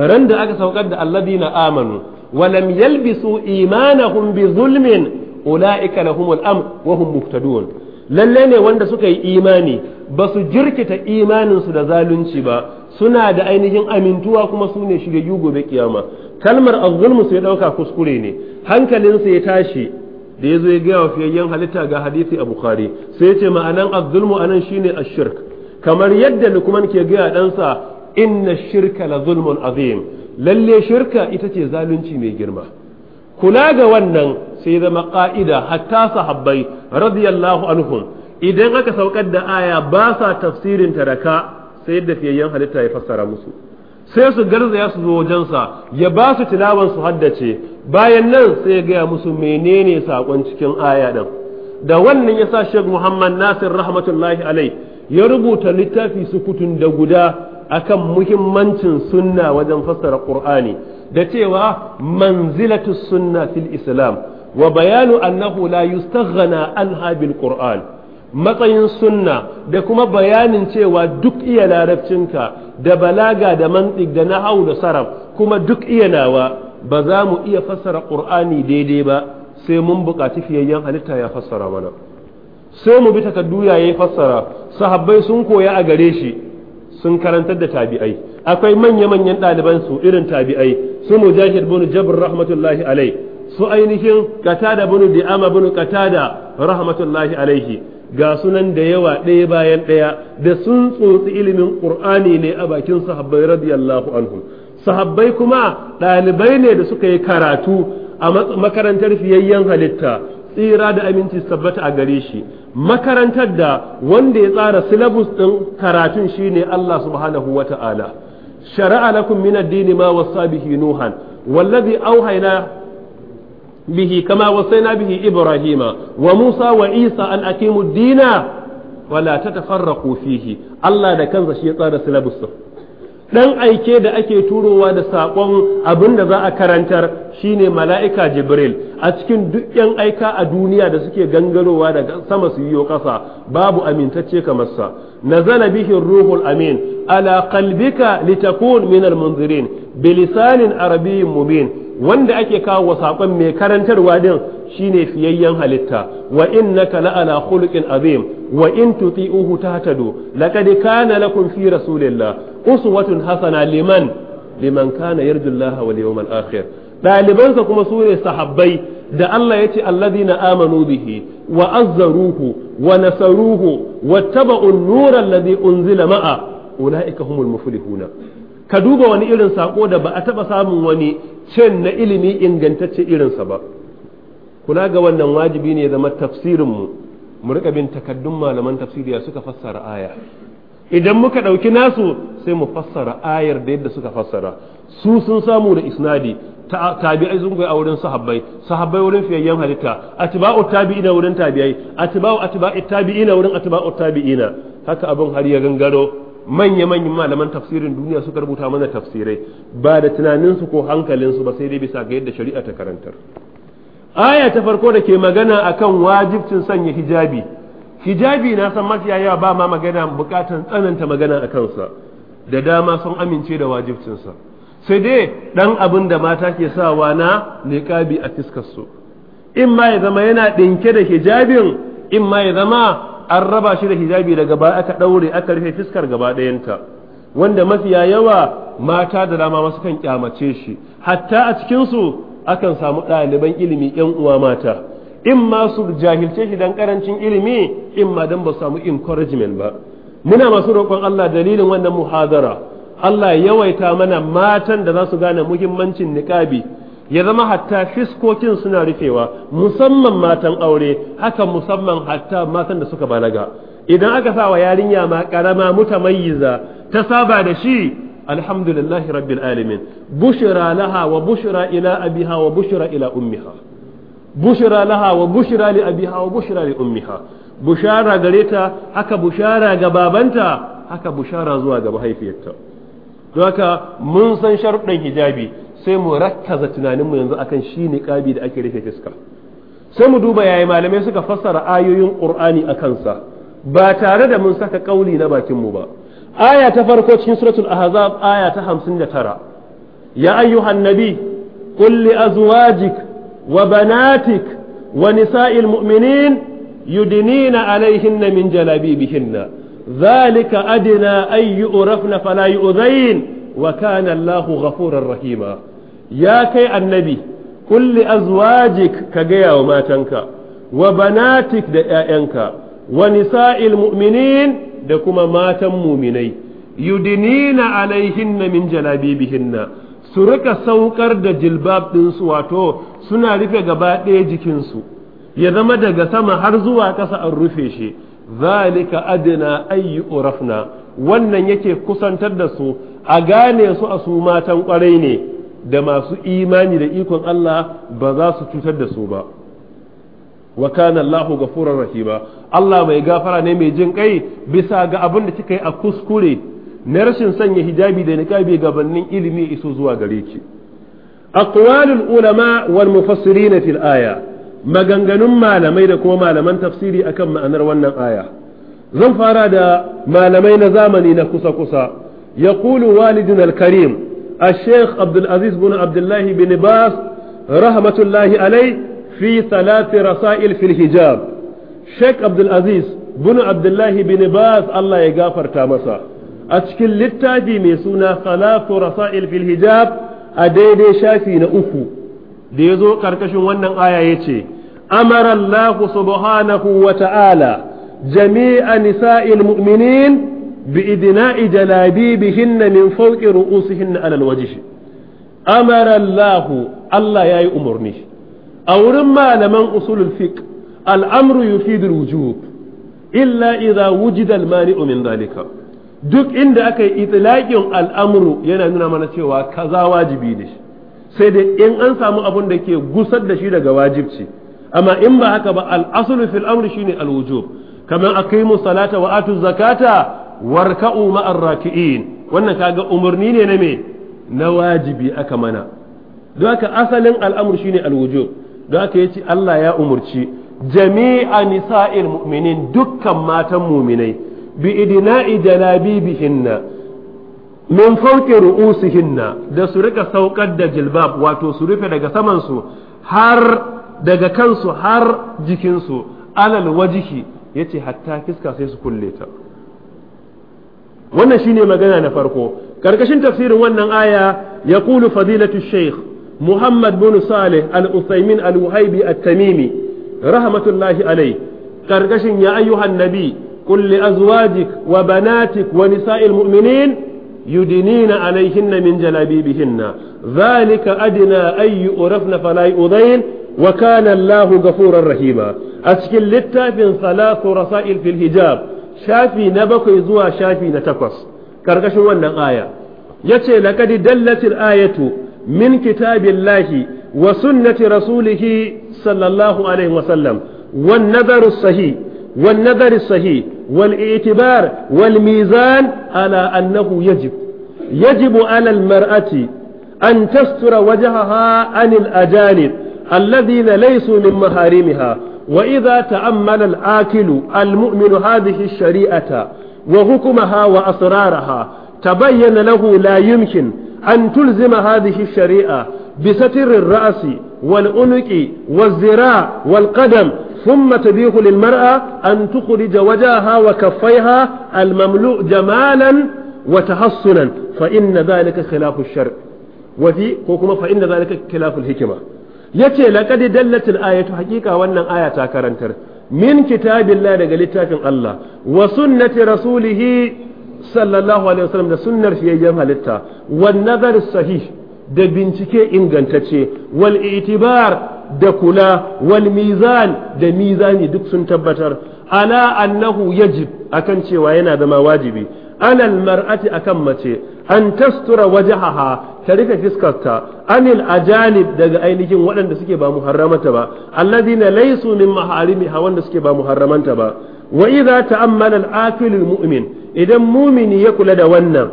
ran da aka saukar da alladina amanu wa lam yalbisu imanahum bi zulmin ulaika lahumul amn wa hum muhtadun lalle ne wanda suka yi imani ba su jirkita imaninsu da zalunci ba suna da ainihin amintuwa kuma su ne shiryayyu gobe kiyama kalmar azulmu su ya dauka kuskure ne hankalinsa ya tashi da ya zo ya gaya wa fiyayyen halitta ga hadisi a bukhari sai ya ce ma'anan azulmu azzulmu anan shine ashirk kamar yadda lukman ke gaya ɗansa inna shirka la zulmun azim lalle shirka ita ce zalunci mai girma kula ga wannan sai zama ƙa'ida hatta sahabbai radiyallahu anhum idan aka saukar da aya ba sa tafsirin ta raka, sai yadda fiyayyen halitta ya fassara musu sai su garzaya su zo wajensa ya ba su tilawan su haddace bayan nan sai ya gaya musu menene saƙon cikin aya ɗin da wannan ya sa shek muhammad nasir rahmatullahi alai ya rubuta littafi su kutun da guda akan muhimmancin sunna wajen fassara ƙur'ani da cewa manzilatu sunna fil islam wa bayanu annahu la yustaghna anha bil qur'an matsayin sunna da kuma bayanin cewa duk iya larabcinka da balaga da mantik da nahau da saraf kuma duk iya nawa ba za mu iya fassara qur'ani daidai ba sai mun buƙaci fiyayyen halitta ya fassara mana sai mu bi takaddu ya fassara sahabbai sun koya a gare shi sun karantar da tabi'ai akwai manya-manyan ɗaliban su irin tabi'ai su mujahid bin jabr rahmatullahi alai su ainihin qatada bin di'ama bin qatada rahmatullahi alaihi ga sunan da yawa ɗaya bayan ɗaya da sun tsotsi ilimin qur'ani ne a bakin sahabbai radiyallahu anhum sahabbai kuma ɗalibai ne da suka yi karatu a makarantar fiyayyen halitta tsira da aminci tabbata a gare shi makarantar da wanda ya tsara syllabus din karatun shine Allah subhanahu wa ta'ala shari'a lakum min ad-din ma wasa bihi nuhan wallazi auhayna bihi kama wasaina bihi ibrahima wa musa wa isa an aqimu ad-dina wala tatafarraqu fihi Allah da kansa shi ya tsara syllabus Ɗan aike da ake turowa da saƙon abin da za a karantar shine mala'ika jibril a cikin duk 'yan aika a duniya da suke gangarowa daga sama su yiwo ƙasa babu amintacce kamar sa nazala bihi ruhul amin ala qalbika litakun min almunzirin bilisanin arabiyyin mubin wanda ake kawo saƙon mai karantarwa din shine fiyayyen halitta wa innaka la'ala khuluqin azim wa in tuti'uhu tahtadu laqad kana lakum fi rasulillah uswatun hasana liman liman kana yarjullaha wal yawmal akhir ɗalibansa kuma sune sahabbai da Allah ya ce alladhina amanu bihi wa azzaruhu wa nasaruhu wa taba'u nura alladhi unzila ma'a ulaika humul muflihuna ka duba wani irin sako da ba a taba samun wani cin na ilimi ingantacce irinsa ba kula ga wannan wajibi ne zama tafsirinmu mu riƙa bin takaddun malaman tafsiriya suka fassara aya idan muka ɗauki nasu sai mu fassara ayar da yadda suka fassara su sun samu da isnadi tabi'ai sun koyi a wurin sahabbai sahabbai wurin fiyayyen halitta atba'u tabi'ina wurin tabi'ai ta atba'i tabi'ina wurin atba'u tabi'ina haka abin har ya gangaro manya manyan malaman tafsirin duniya suka rubuta mana tafsirai ba da tunaninsu ko hankalinsu ba sai dai bisa ga yadda shari'a ta karantar aya ta farko da ke magana akan wajibcin sanya hijabi hijabi na san mafiya yawa ba ma magana bukatan tsananta magana a kansa da dama sun amince da wajibcinsa sai dai dan abin da mata ke sawa na niqabi a fiskarsu in ma ya zama yana ɗinke da hijabin in ma ya zama an raba shi da hijabi daga baya aka ɗaure aka rufe fiskar gaba ɗayanta wanda mafiya yawa mata da dama masu kan kyamace shi hatta a cikinsu akan samu ɗaliban ilimi 'yan uwa mata in ma su jahilce shi dan karancin ilimi in ma dan ba samu encouragement ba muna masu roƙon Allah dalilin wannan muhadara Allah ya yawaita mana matan da za su gane muhimmancin niqabi ya zama hatta fiskokin suna rufewa musamman matan aure haka musamman hatta matan da suka balaga idan aka sa wa yarinya ma karama mutamayyiza ta saba da shi alhamdulillahi rabbil alamin bushra laha wa bushra ila abiha wa bushra ila ummiha bushira laha wa bushra li abiha wa bushra li ummiha bushara gare ta haka bushara ga babanta haka bushara zuwa ga mahaifiyarta don haka mun san sharuɗan hijabi sai mu rakkaza tunaninmu yanzu akan shi niqabi da ake rufe fuska sai mu duba yayi malamai suka fassara ayoyin qur'ani a kansa ba tare da mun saka kauli na bakin mu ba aya ta farko cikin suratul ahzab aya ta 59 ya ayyuhan nabi qul li azwajika وبناتك ونساء المؤمنين يدنين عليهن من جلابيبهن ذلك أدنى أن يؤرفن فلا يؤذين وكان الله غفورا رحيما يا كي النبي كل أزواجك كجيا وما تنكا وبناتك دائنك ونساء المؤمنين دكما مات مؤمني يدنين عليهن من جلابيبهن su rika saukar da jilbab ɗinsu wato suna rufe gaba ɗaya jikinsu ya zama daga sama har zuwa ƙasa an rufe shi zalika adina ayyu urafna wannan yake kusantar da su a gane su a su matan ƙwarai ne da masu imani da ikon Allah ba za su cutar da su ba wa kana Allahu ghafurur rahima Allah mai gafara ne mai jin kai bisa ga abin da kika yi a kuskure na rashin sanya hijabi da niqabi gabanin ilimi iso zuwa gare ki aqwalul ulama wal mufassirin fil aya maganganun malamai da kuma malaman tafsiri akan ma'anar wannan aya zan fara da malamai na zamani na kusa kusa yaqulu walidun al-karim الشيخ عبد العزيز بن عبد الله بن باز رحمة الله عليه في ثلاث رسائل في الحجاب شيخ عبد العزيز بن عبد الله بن باز الله يغفر تامسا أتشكل للتاجي ميسونا ثلاث رسائل في الحجاب a daidai shafi na uku da ya zo ƙarƙashin wannan aya ya ce amara subhanahu wa ta'ala jami'a nisa'il mu'minin bi idna'i jalabibihinna min fawqi ru'usihinna alal wajhi Amarallahu. Allah ya yayi umarni a wurin malaman usulul fiq al'amru yufidul wujub illa idza wujidal maniu min dhalika duk inda aka yi itilaƙin al'amuru yana nuna mana cewa kaza wajibi ne sai dai in an samu abun da ke gusar da shi daga wajibci amma in ba haka ba al'asulu fil amri shine alwujub kamar aqimu salata wa atu zakata warka'u ma'ar raki'in wannan kaga umarni ne na me na wajibi aka mana don haka asalin al'amur shine alwujub don haka yace Allah ya umurci jami'a nisa'il mu'minin dukkan matan mu'minai bi idina'i jalabibihinna min fauke ru'usihinna da su riƙa sauƙar da jilbab wato su rufe daga samansu har daga kansu har jikinsu alal wajihi yace hatta fiska sai su kulle ta wannan shine magana na farko karkashin tafsirin wannan aya ya kulu fadilatu sheikh muhammad bin salih al-usaimin al-wahibi at rahmatullahi alai karkashin ya ayyuhan قل لأزواجك وبناتك ونساء المؤمنين يدنين عليهن من جلابيبهن ذلك أدنى أن يؤرفن فلا يؤذين وكان الله غفورا رحيما أسكن للتافن ثلاث رسائل في الحجاب شافي نبكي زوا شافي نتقص كركشن ونن آية يتي لقد دلت الآية من كتاب الله وسنة رسوله صلى الله عليه وسلم والنذر الصحيح والنظر الصحيح والاعتبار والميزان على أنه يجب يجب على المرأة أن تستر وجهها عن الأجانب الذين ليسوا من محارمها وإذا تأمل العاكل المؤمن هذه الشريعة وحكمها وأسرارها تبين له لا يمكن أن تلزم هذه الشريعة بستر الرأس والأنك والذراع والقدم ثم تبيح للمرأة أن تخرج وجهها وكفيها المملوء جمالا وتحصنا فإن ذلك خلاف الشرع وفي كوكما فإن ذلك خلاف الحكمة yace laqad dallat al-ayatu haqiqa wannan aya ta karantar min kitabillah daga littafin Allah wa sunnati rasulih sallallahu alaihi wasallam da sunnar fiyayyen halitta wan nazar sahi da bincike ingantacce wal itibar da kula wal mizan da mizani duk sun tabbatar ala annahu yajib akan cewa yana zama wajibi alal mar'ati akan mace an tastura wajahaha ta rika fiskarta anil ajanib daga ainihin waɗanda suke ba muharramanta ba alladhina laysu min hawan wanda suke ba harramanta ba wa idza ta'ammala al-akil mu'min idan mumini ya kula da wannan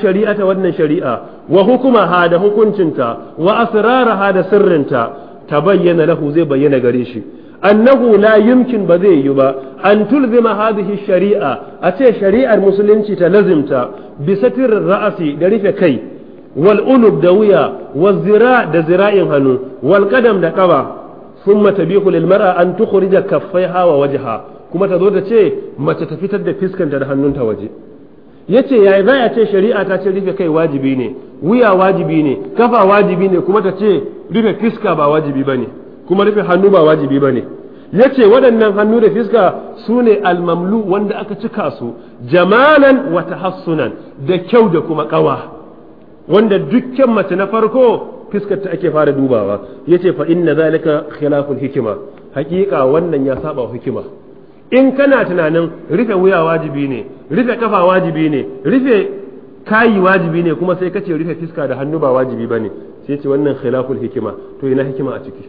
shari'a ta wannan shari'a wa hukuma hukumaha da hukuncinta wa asraraha da sirrinta ta bayyana lahu zai bayyana gare shi annahu la yumkin ba zai yi ba an tulzima hadhihi shari'a a ce shari'ar musulunci ta lazimta bi satir ra'asi da rufe kai wal unub da wuya wal zira da zira'in hannu wal qadam da kaba thumma tabihu lil mar'a an tukhrija hawa waje ha, kuma ta zo ta ce mace ta fitar da fiskanta da ta waje yace yayi baya ce shari'a ta ce rufe kai wajibi ne wuya wajibi ne kafa wajibi ne kuma ta ce rufe fiska ba wajibi ba ne kuma rufe hannu ba wajibi ba bane yace waɗannan hannu da fiska su ne almamlu wanda aka cika su jamalan wata tahassunan da kyau da kuma ƙawa wanda dukkan mace na farko fiskar ta ake fara dubawa yace fa inna zalika khilaful hikima haƙiƙa wannan ya saba hikima in kana tunanin rufe wuya wajibi ne rufe kafa wajibi ne rufe kayi wajibi ne kuma sai kace rufe fiska da hannu ba wajibi bane sai ce wannan khilaful hikima to ina hikima a ciki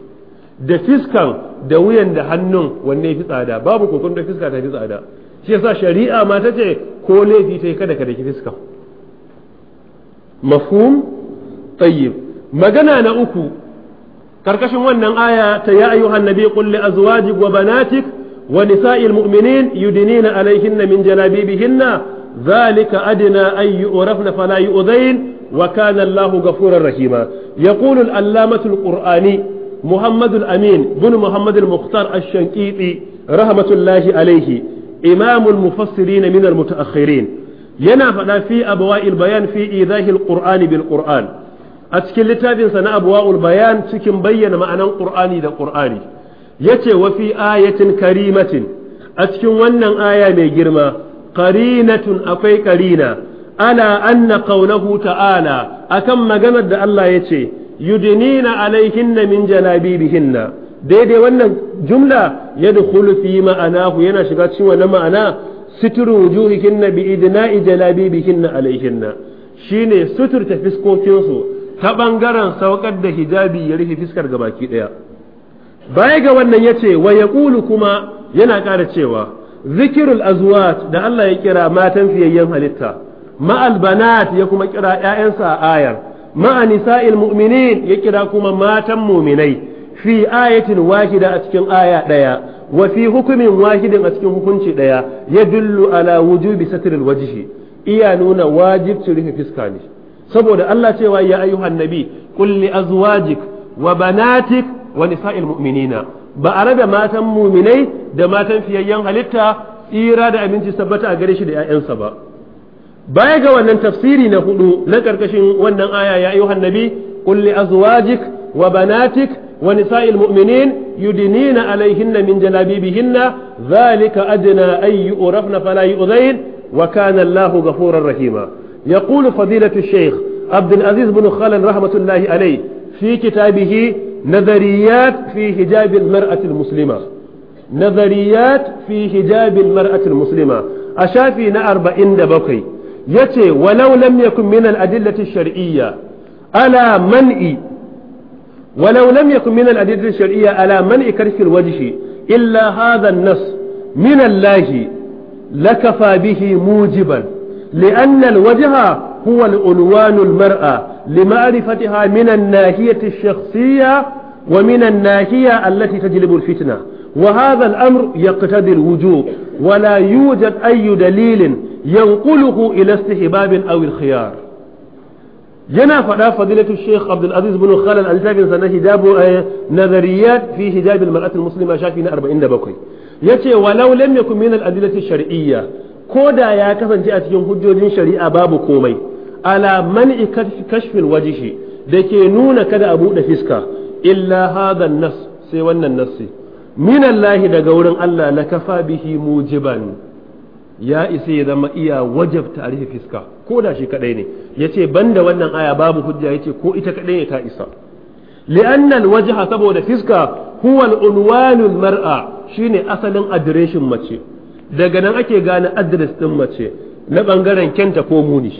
da fiskan da wuyan da hannun wanne fi tsada babu kokon da fiska ta fi tsada shi yasa shari'a ma ta ce ko laifi ta yi kada ka daki fiskan mafhum tayyib magana na uku karkashin wannan aya ta ya ayyuhan nabi qul li azwajik wa banatik ونساء المؤمنين يدنين عليهن من جلابيبهن ذلك أدنى أن يؤرفن فلا يؤذين وكان الله غفورا رحيما يقول الألامة القرآني محمد الأمين بن محمد المختار الشنقيطي رحمة الله عليه إمام المفسرين من المتأخرين ينافع في أبواء البيان في إيذاه القرآن بالقرآن أتكلم تابين سنة أبواء البيان تكن بين معنى القرآن إذا قرآني yace wa fi ayatin karimatin a cikin wannan aya mai girma qarinatun akwai qarina ala anna qawluhu ta'ala akan maganar da Allah yace yudnina alaihinna min jalabibihinna daidai wannan jumla yadkhulu fi ma'anahu yana shiga cikin wannan ma'ana sitru wujuhihinna bi idna'i jalabibihinna alaihinna shine suturta fiskokinsu ta bangaren saukar da hijabi ya rufe fiskar gabaki daya baya ga wannan ya ce wa kulu kuma yana ƙara cewa zikirul azwat da Allah ya kira matan fiyayyen halitta ma'al banat ya kuma kira 'ya'yansa a ayar ma'a nisa'il mu'minin ya kira kuma matan mu'minai fi ayatin wahida a cikin aya ɗaya wa fi hukumin wahidin a cikin hukunci ɗaya ya dullu ala wujubi satril wajhi iya nuna wajibcin rufe fiska ne saboda Allah cewa ya ayyuhan nabi kulli azuwajik wa banatik wa nisa'il mu'minina ba a rabe matan muminai da matan fiyayyen halitta tsira da aminci sabbata a gare shi da 'ya'yansa ba baya ga wannan tafsiri na hudu na karkashin wannan aya ya ayyuhan nabi qul azwajik wa banatik wa nisa'il mu'minin yudinina alaihinna min jalabibihinna dhalika adna ay yu'rafna fala yu'zain wa kana Allahu ghafurar rahima yaqulu fadilatu sheikh abdulaziz العزيز بن rahmatullahi alai الله ta bihi. نظريات في حجاب المرأة المسلمة نظريات في حجاب المرأة المسلمة أشافي نأربع إند بقي يتي ولو لم يكن من الأدلة الشرعية على منع ولو لم يكن من الأدلة الشرعية على منع كرش الوجه إلا هذا النص من الله لكفى به موجبا لأن الوجه هو الألوان المرأة لمعرفتها من الناهية الشخصية ومن الناهية التي تجلب الفتنة وهذا الأمر يقتضي الوجوب ولا يوجد أي دليل ينقله إلى استحباب أو الخيار جنا فدا فضيلة الشيخ عبد العزيز بن خالد الجابن سنة هجاب آه، نظريات في هجاب المرأة المسلمة شافين أربعين بقي يتي ولو لم يكن من الأدلة الشرعية ko da ya kasance a cikin hujjojin shari'a babu komai ala man'i kashfil wajhi dake nuna kada a buɗe fiska illa hadha nas sai wannan nassi min Allah daga wurin Allah la kafa bihi mujiban ya isa ya zama iya wajabta a rufe fiska ko da shi kadai ne yace banda wannan aya babu hujja yace ko ita kadai ne ta isa li'anna alwajha saboda fiska huwa alunwanul mar'a shine asalin adireshin mace daga nan ake gane adres ɗin mace na ɓangaren kyanta ko muni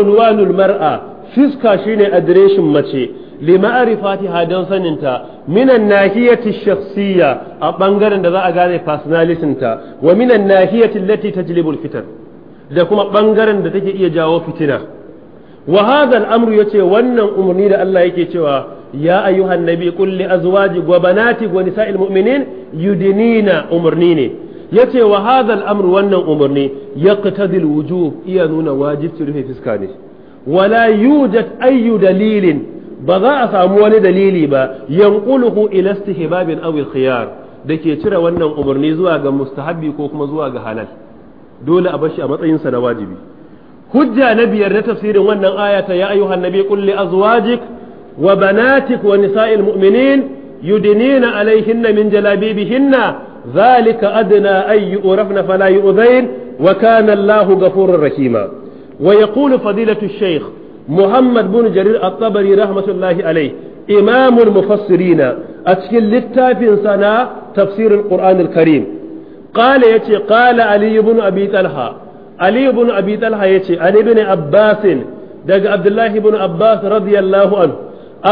unwanul mar'a fiska shine adireshin mace lima'arifatiha don saninta minan nahiyati shakhsiyya a ɓangaren da za a gane personality ta wa minan nahiyati allati tajlibul fitar, da kuma ɓangaren da take iya jawo fitina wa hadha al-amru yace wannan umarni da Allah yake cewa ya ayyuhan nabi qul li azwajik wa banatik wa nisa'il mu'minin yudinina umarni ne yace wa hadha wannan umarni yaqtadi al-wujub iya nuna wajibci rufe fuska ne wala yujad ayyu dalilin ba za a samu wani dalili ba yanquluhu ila istihbabin aw al-khiyar dake cire wannan umarni zuwa ga mustahabbi ko kuma zuwa ga halal dole a bashi a matsayin sa na wajibi hujja na biyar da tafsirin wannan ayata ya ayyuhan nabi qul li azwajik wa banatik wa nisa'il mu'minin yudinina minjala min jalabibihinna zalika adna ay yu'rafna fala yu'dhain wa kana Allahu ghafurur rahima wa yaqulu fadilatu ash Muhammad bun Jarir at-Tabari rahmatullahi alayh imamul mufassirina a cikin littafin sana tafsirin Qur'anul Karim qala yace qala Ali ibn Abi Talha Ali ibn Abi Talha yace an ibn Abbas daga abdullahi ibn Abbas radiyallahu an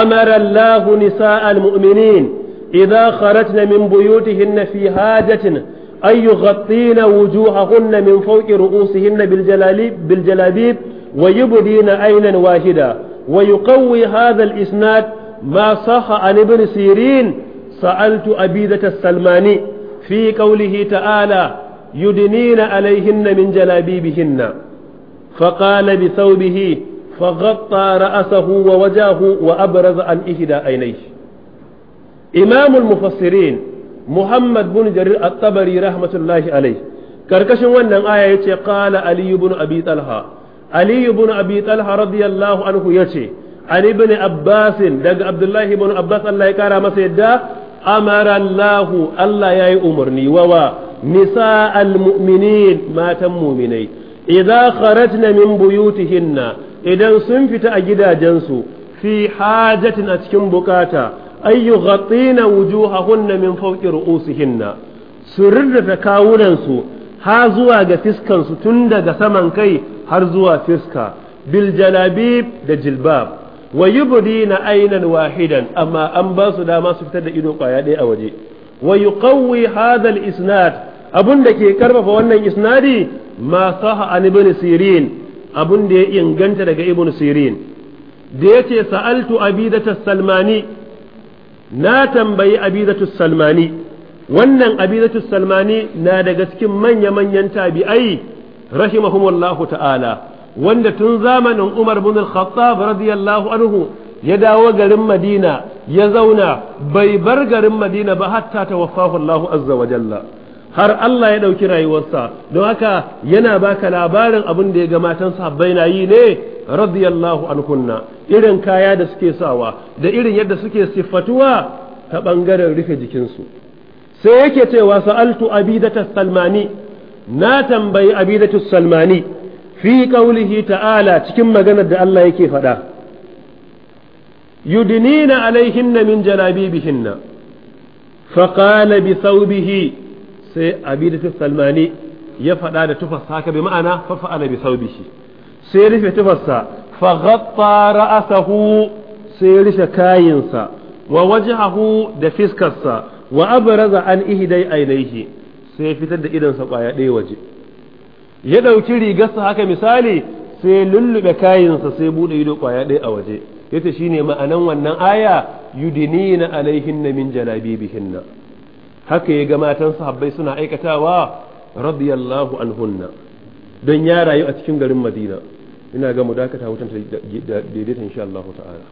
amarallahu Allah nisa'al mu'minin إذا خرجن من بيوتهن في حاجة أن يغطين وجوههن من فوق رؤوسهن بالجلاليب, بالجلابيب ويبدين عينا واحدة ويقوي هذا الإسناد ما صح عن ابن سيرين سألت أبيدة السلماني في قوله تعالى يدنين عليهن من جلابيبهن فقال بثوبه فغطى رأسه ووجهه وأبرز عن إحدى عينيه imamul mufassirin muhammad bin jarir at-tabari rahmatullahi alaihi karkashin wannan aya yace qala ali ibn abi talha ali ibn abi talha radiyallahu anhu yace an ibn abbas daga abdullahi ibn abbas Allah kara masa yadda amarallahu Allah Allah yayi umarni wawa nisa al-mu'minin matan mu'minai idza kharajna min hinna idan sun fita a gidajensu fi hajatin a cikin buƙata. ay yughatina wujuhahunna min fawqi ru'usihinna su rirrata kawunan su ha zuwa ga fiskan su tun daga saman kai har zuwa fiska bil jalabib da jilbab wa na aynan wahidan amma an ba su dama su fitar da ido kwaya ɗaya a waje wa yuqawwi hadha al isnad abun da ke karfafa wannan isnadi ma saha an ibn sirin abun da ya inganta daga ibn sirin da yace sa'altu abidata salmani na tambayi abizatu salmani wannan abizatu salmani na daga cikin manya-manyan tabi'ai rahimahumullahu ta'ala wanda tun zamanin umar bin al-khattab radiyallahu anhu ya dawo garin madina ya zauna bai bar garin madina ba hatta tawaffahu Allah azza wa jalla har Allah ya ɗauki rayuwarsa don haka yana baka labarin abin da ya ga matan sahabbai na yi ne radiyallahu ankunna irin kaya da suke sawa da irin yadda suke siffatuwa ta ɓangaren rufe jikinsu sai yake cewa sa'altu abidata salmani na tambayi abidatu salmani fi qaulihi ta'ala cikin maganar da Allah yake faɗa yudnina alaihinna min jalabibihinna فقال bihi. sai ta salmani ya faɗa da tufarsa haka bi ma'ana fafa'ala bi shi sai rufe tufarsa fa ghatta ra'asahu sai rufe kayinsa wa wajhahu da fiskarsa wa abraza an ihdai ainihi sai fitar da idonsa kwaya ɗaya waje ya ɗauki rigarsa haka misali sai lullube kayinsa sai buɗe ido kwaya ɗaya a waje yace shine ma'anan wannan aya yudinina alaihinna min jalabibihinna haka ya ga matan sahabbai suna aikatawa radiyallahu anhunna don ya rayu a cikin garin madina ina ga mu dakata wutan daidaita insha Allah ta'ala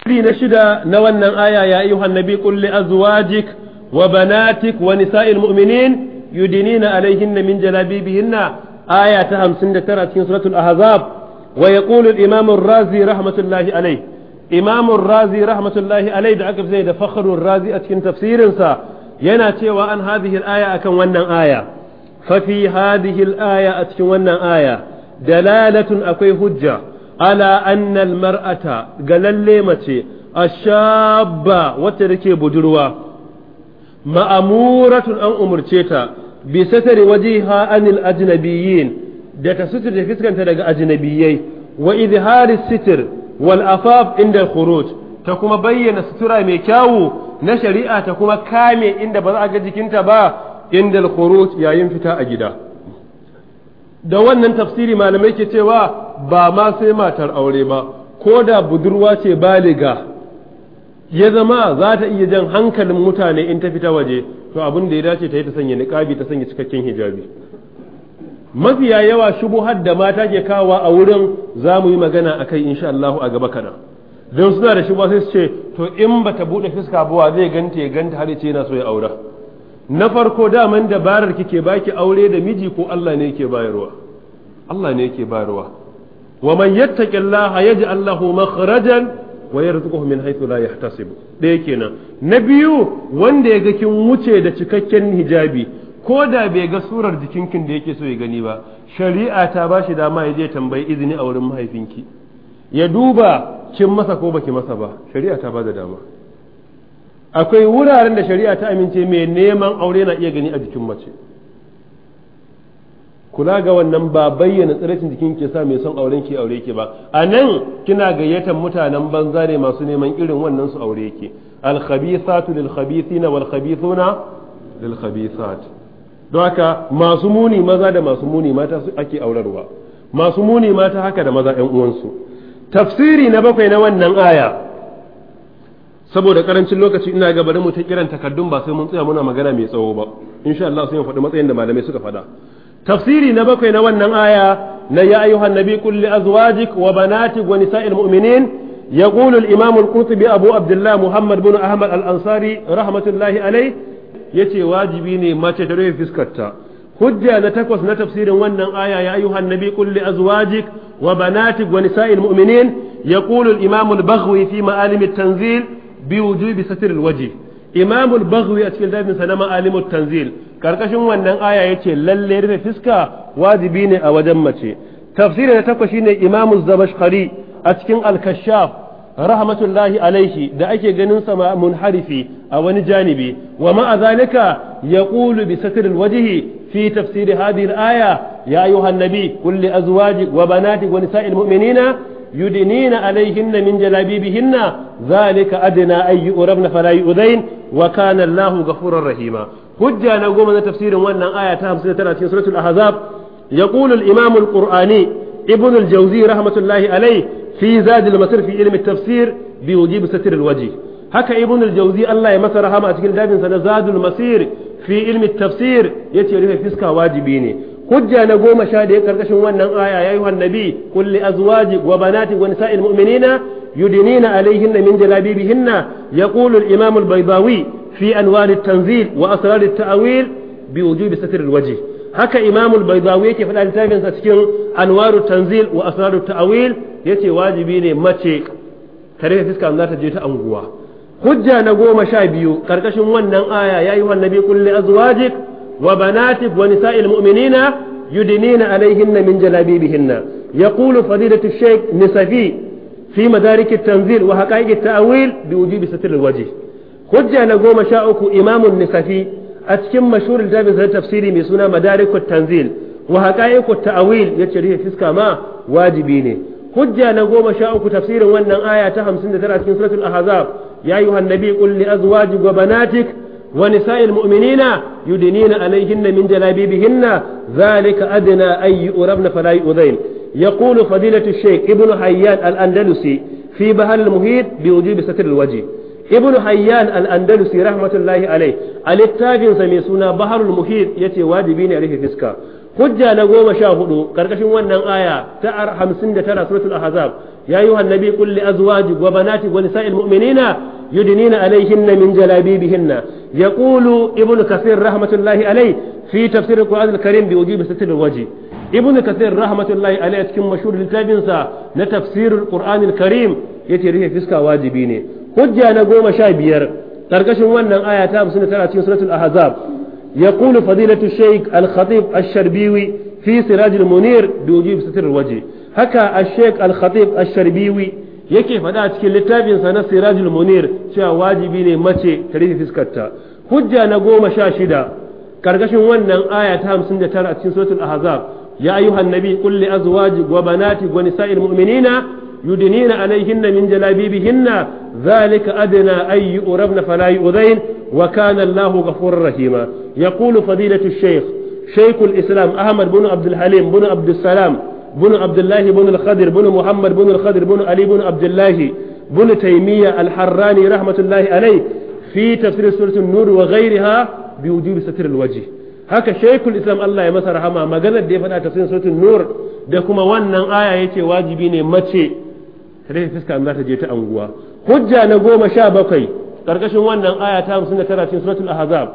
Siri na shida na wannan aya ya yi hannabi kulli azwajik wa banatik wa nisa'il mu'minin yudinina alaihinna min jalabibihinna aya ta tara cikin suratul ahzab wa yaqulu al-imam ar-razi rahmatullahi alayh imam ar-razi rahmatullahi alayh da aka fi da fakhrur razi a cikin tafsirinsa yana cewa an hadhihi hilaya a kan wannan aya fa fi hadhihi a cikin wannan aya dalalatun akwai hujja ala anna marata ga lalle mace ashabba wacce take budurwa ma'amuratun an umarce ta bi satari wajiha anil ajnabiyyin da ta sutura fiskanta daga ajnabiyai wa idhari sitr wal afaf inda al-khuruj ta kuma bayyana sutura mai kyawu na shari'a ta kuma kame inda ba za a ga jikinta ba inda al-khuruj yayin fita a gida da wannan tafsiri malamai ke cewa ba ma sai matar aure ba ko da budurwa ce baliga ya zama za ta iya jan hankalin mutane in ta fita waje to abin da ya dace ta yi ta sanya niqabi ta sanya cikakken hijabi mafiya yawa shubuhar da mata ke kawa a wurin za mu yi magana akai insha Allah a gaba kana don suna da ba sai su ce to in ba ta bude fuska ba zai ganta ya ganta har ce yana so ya aura na farko daman dabarar kike baki aure da miji ko Allah ne yake bayarwa Allah ne yake bayarwa wa man yattaqillaha yaj'al lahu makhrajan wa yarzuquhu min haythu la yahtasib ɗaya kenan na biyu wanda ya ga kin wuce da cikakken hijabi ko da bai ga surar jikinkin da yake so ya gani ba shari'a ta bashi dama ya je tambayi izini a wurin mahaifinki ya duba kin masa ko baki masa ba shari'a ta bada dama akwai wuraren da shari'a ta amince mai neman aure na iya gani a jikin mace kula ga wannan ba bayyana tsiracin jikin ke sa mai son auren ke aure ke ba a nan kina gayyatar mutanen banza ne masu neman irin wannan su aure ke alkhabisatu lil khabithina lilkhabisat don haka masu muni maza da masu muni mata ake aurarwa masu muni mata haka da maza ƴan uwansu tafsiri na bakwai na wannan aya saboda karancin lokaci ina ga bari mu ta kiran takaddun ba sai mun tsaya muna magana mai tsawo ba insha Allah sai mu faɗi matsayin da malamai suka faɗa tafsiri na bakwai na wannan aya na ya ayyuhan nabi azwajik wa banatik wa nisa'il mu'minin يقول الإمام القرطبي أبو عبد الله محمد بن أحمد الأنصاري رحمة الله عليه yace wajibi ne mace ta rufe fuskarta hujja na takwas na tafsirin wannan aya ya ayyuhan nabi qul li azwajik wa banatik wa nisa'il mu'minin Ya al-imam al fi ma'alim at-tanzil bi wujubi satr al-wajh a cikin zabin na ma'alim at-tanzil wannan aya yace lalle rufe fiska wajibi ne a wajen mace tafsirin na takwas shine imam az-zabashqari a cikin al rahmatullahi alaihi da ake ganin sama munharifi a wani janibi wa ma'a zalika yaqulu bi satr alwajhi fi tafsir hadhihi aya ya ayuha annabi qul li azwajik wa banatik wa nisa'il mu'minina yudnina alaihinna min jalabibihinna zalika adna ay yurabna fala yu'dain wa kana allahu ghafurur rahima hujja na goma na tafsirin wannan aya ta 59 cikin suratul ahzab yaqulu al-imam al-qur'ani ibn al-jawzi rahmatullahi alaihi fi zadulmasir fi ilmi tafsir bi wujib satr haka ibn al Allah ya masa rahama a cikin dabinsa na zadulmasir fi ilmi tafsir Ya yace rufe fiska wajibi ne hujja na goma sha da ya karkashin wannan aya ya yi wannabi kulli azwaji wa banati wa nisa'il mu'minina yudinina alaihinna min jalabibihinna yaqulu ya imam imamul baydawi fi anwar at-tanzil wa asrar at-ta'wil bi wujubi satr haka imam al-baydawi yake faɗa littafin sa cikin anwaru at wa asrar at-ta'wil yace wajibi ne mace ta rufe fuska za ta je ta anguwa hujja na goma sha biyu karkashin wannan aya ya yi wannabi kulli azwajik wa banatik wa nisa'il mu'minina yudinina alaihinna min jalabibihinna yaqulu fadilatu shaykh nisafi fi madarik at-tanzil wa haqa'iq at-ta'wil bi wujubi satr al-wajh hujja na goma sha uku imamu nisafi a cikin mashurin al tafsiri mai suna madarik at-tanzil wa haqa'iq at-ta'wil yace rufe fiska ma wajibi ne hujja na goma sha uku tafsirin wannan aya ta hamsin da tara cikin suratul ahzab ya yi wa nabi qul li azwajik wa banatik wa nisa'il mu'minina yudnina alayhinna min jalabibihinna dhalika adna ay yurabna fala yu'dhain يقول فضيلة الشيخ ابن حيان الأندلسي في بحر المحيط بوجوب ستر الوجه ابن حيان الأندلسي رحمة الله عليه الاتاجن سمي سنة بحر المحيط يتي واجبين عليه فسكا hujja na goma sha hudu karkashin wannan aya ta hamsin da tara suratul ahzab ya yi wa nabi kulli azwaji wa banati wa nisa'il mu'minina yudnina alaihinna min jalabibihinna yaqulu ibnu kasir rahmatullahi alayh fi tafsir al-qur'an al-karim bi wujubi sittil waji ibnu kasir rahmatullahi alayh cikin mashhur littafin sa na tafsir al-qur'an al-karim yace rufe fiska wajibi ne hujja na goma sha biyar karkashin wannan aya ta hamsin da tara cikin suratul ahzab يقول فضيلة الشيخ الخطيب الشربيوي في سراج المنير بوجوب ستر الوجه هكا الشيخ الخطيب الشربيوي yake faɗa a cikin littafinsa na sirajul munir cewa wajibi ne mace ta rufe fuskarta hujja na goma sha shida karkashin wannan aya ta hamsin da tara a cikin suratul ahzab ya ayyuhan nabi qul li azwaji wa banati wa nisa'il mu'minina yudnina alayhinna min jalabibihinna dhalika adna ay yu'rabna fala yu'dain وكان الله غفورا رحيما يقول فضيلة الشيخ شيخ الإسلام أحمد بن عبد الحليم بن عبد السلام بن عبد الله بن الخضر بن محمد بن الخضر بن علي بن عبد الله بن تيمية الحراني رحمة الله عليه في تفسير سورة النور وغيرها بوجوب ستر الوجه haka shaikul islam Allah ya masa rahama maganar da ya faɗa tafsirin suratul nur da kuma wannan aya yace wajibi ne mace ta rufe fuska in za ta je ta anguwa hujja na goma sha bakwai karkashin wannan aya ta hamsin da tara cikin suratul ahzab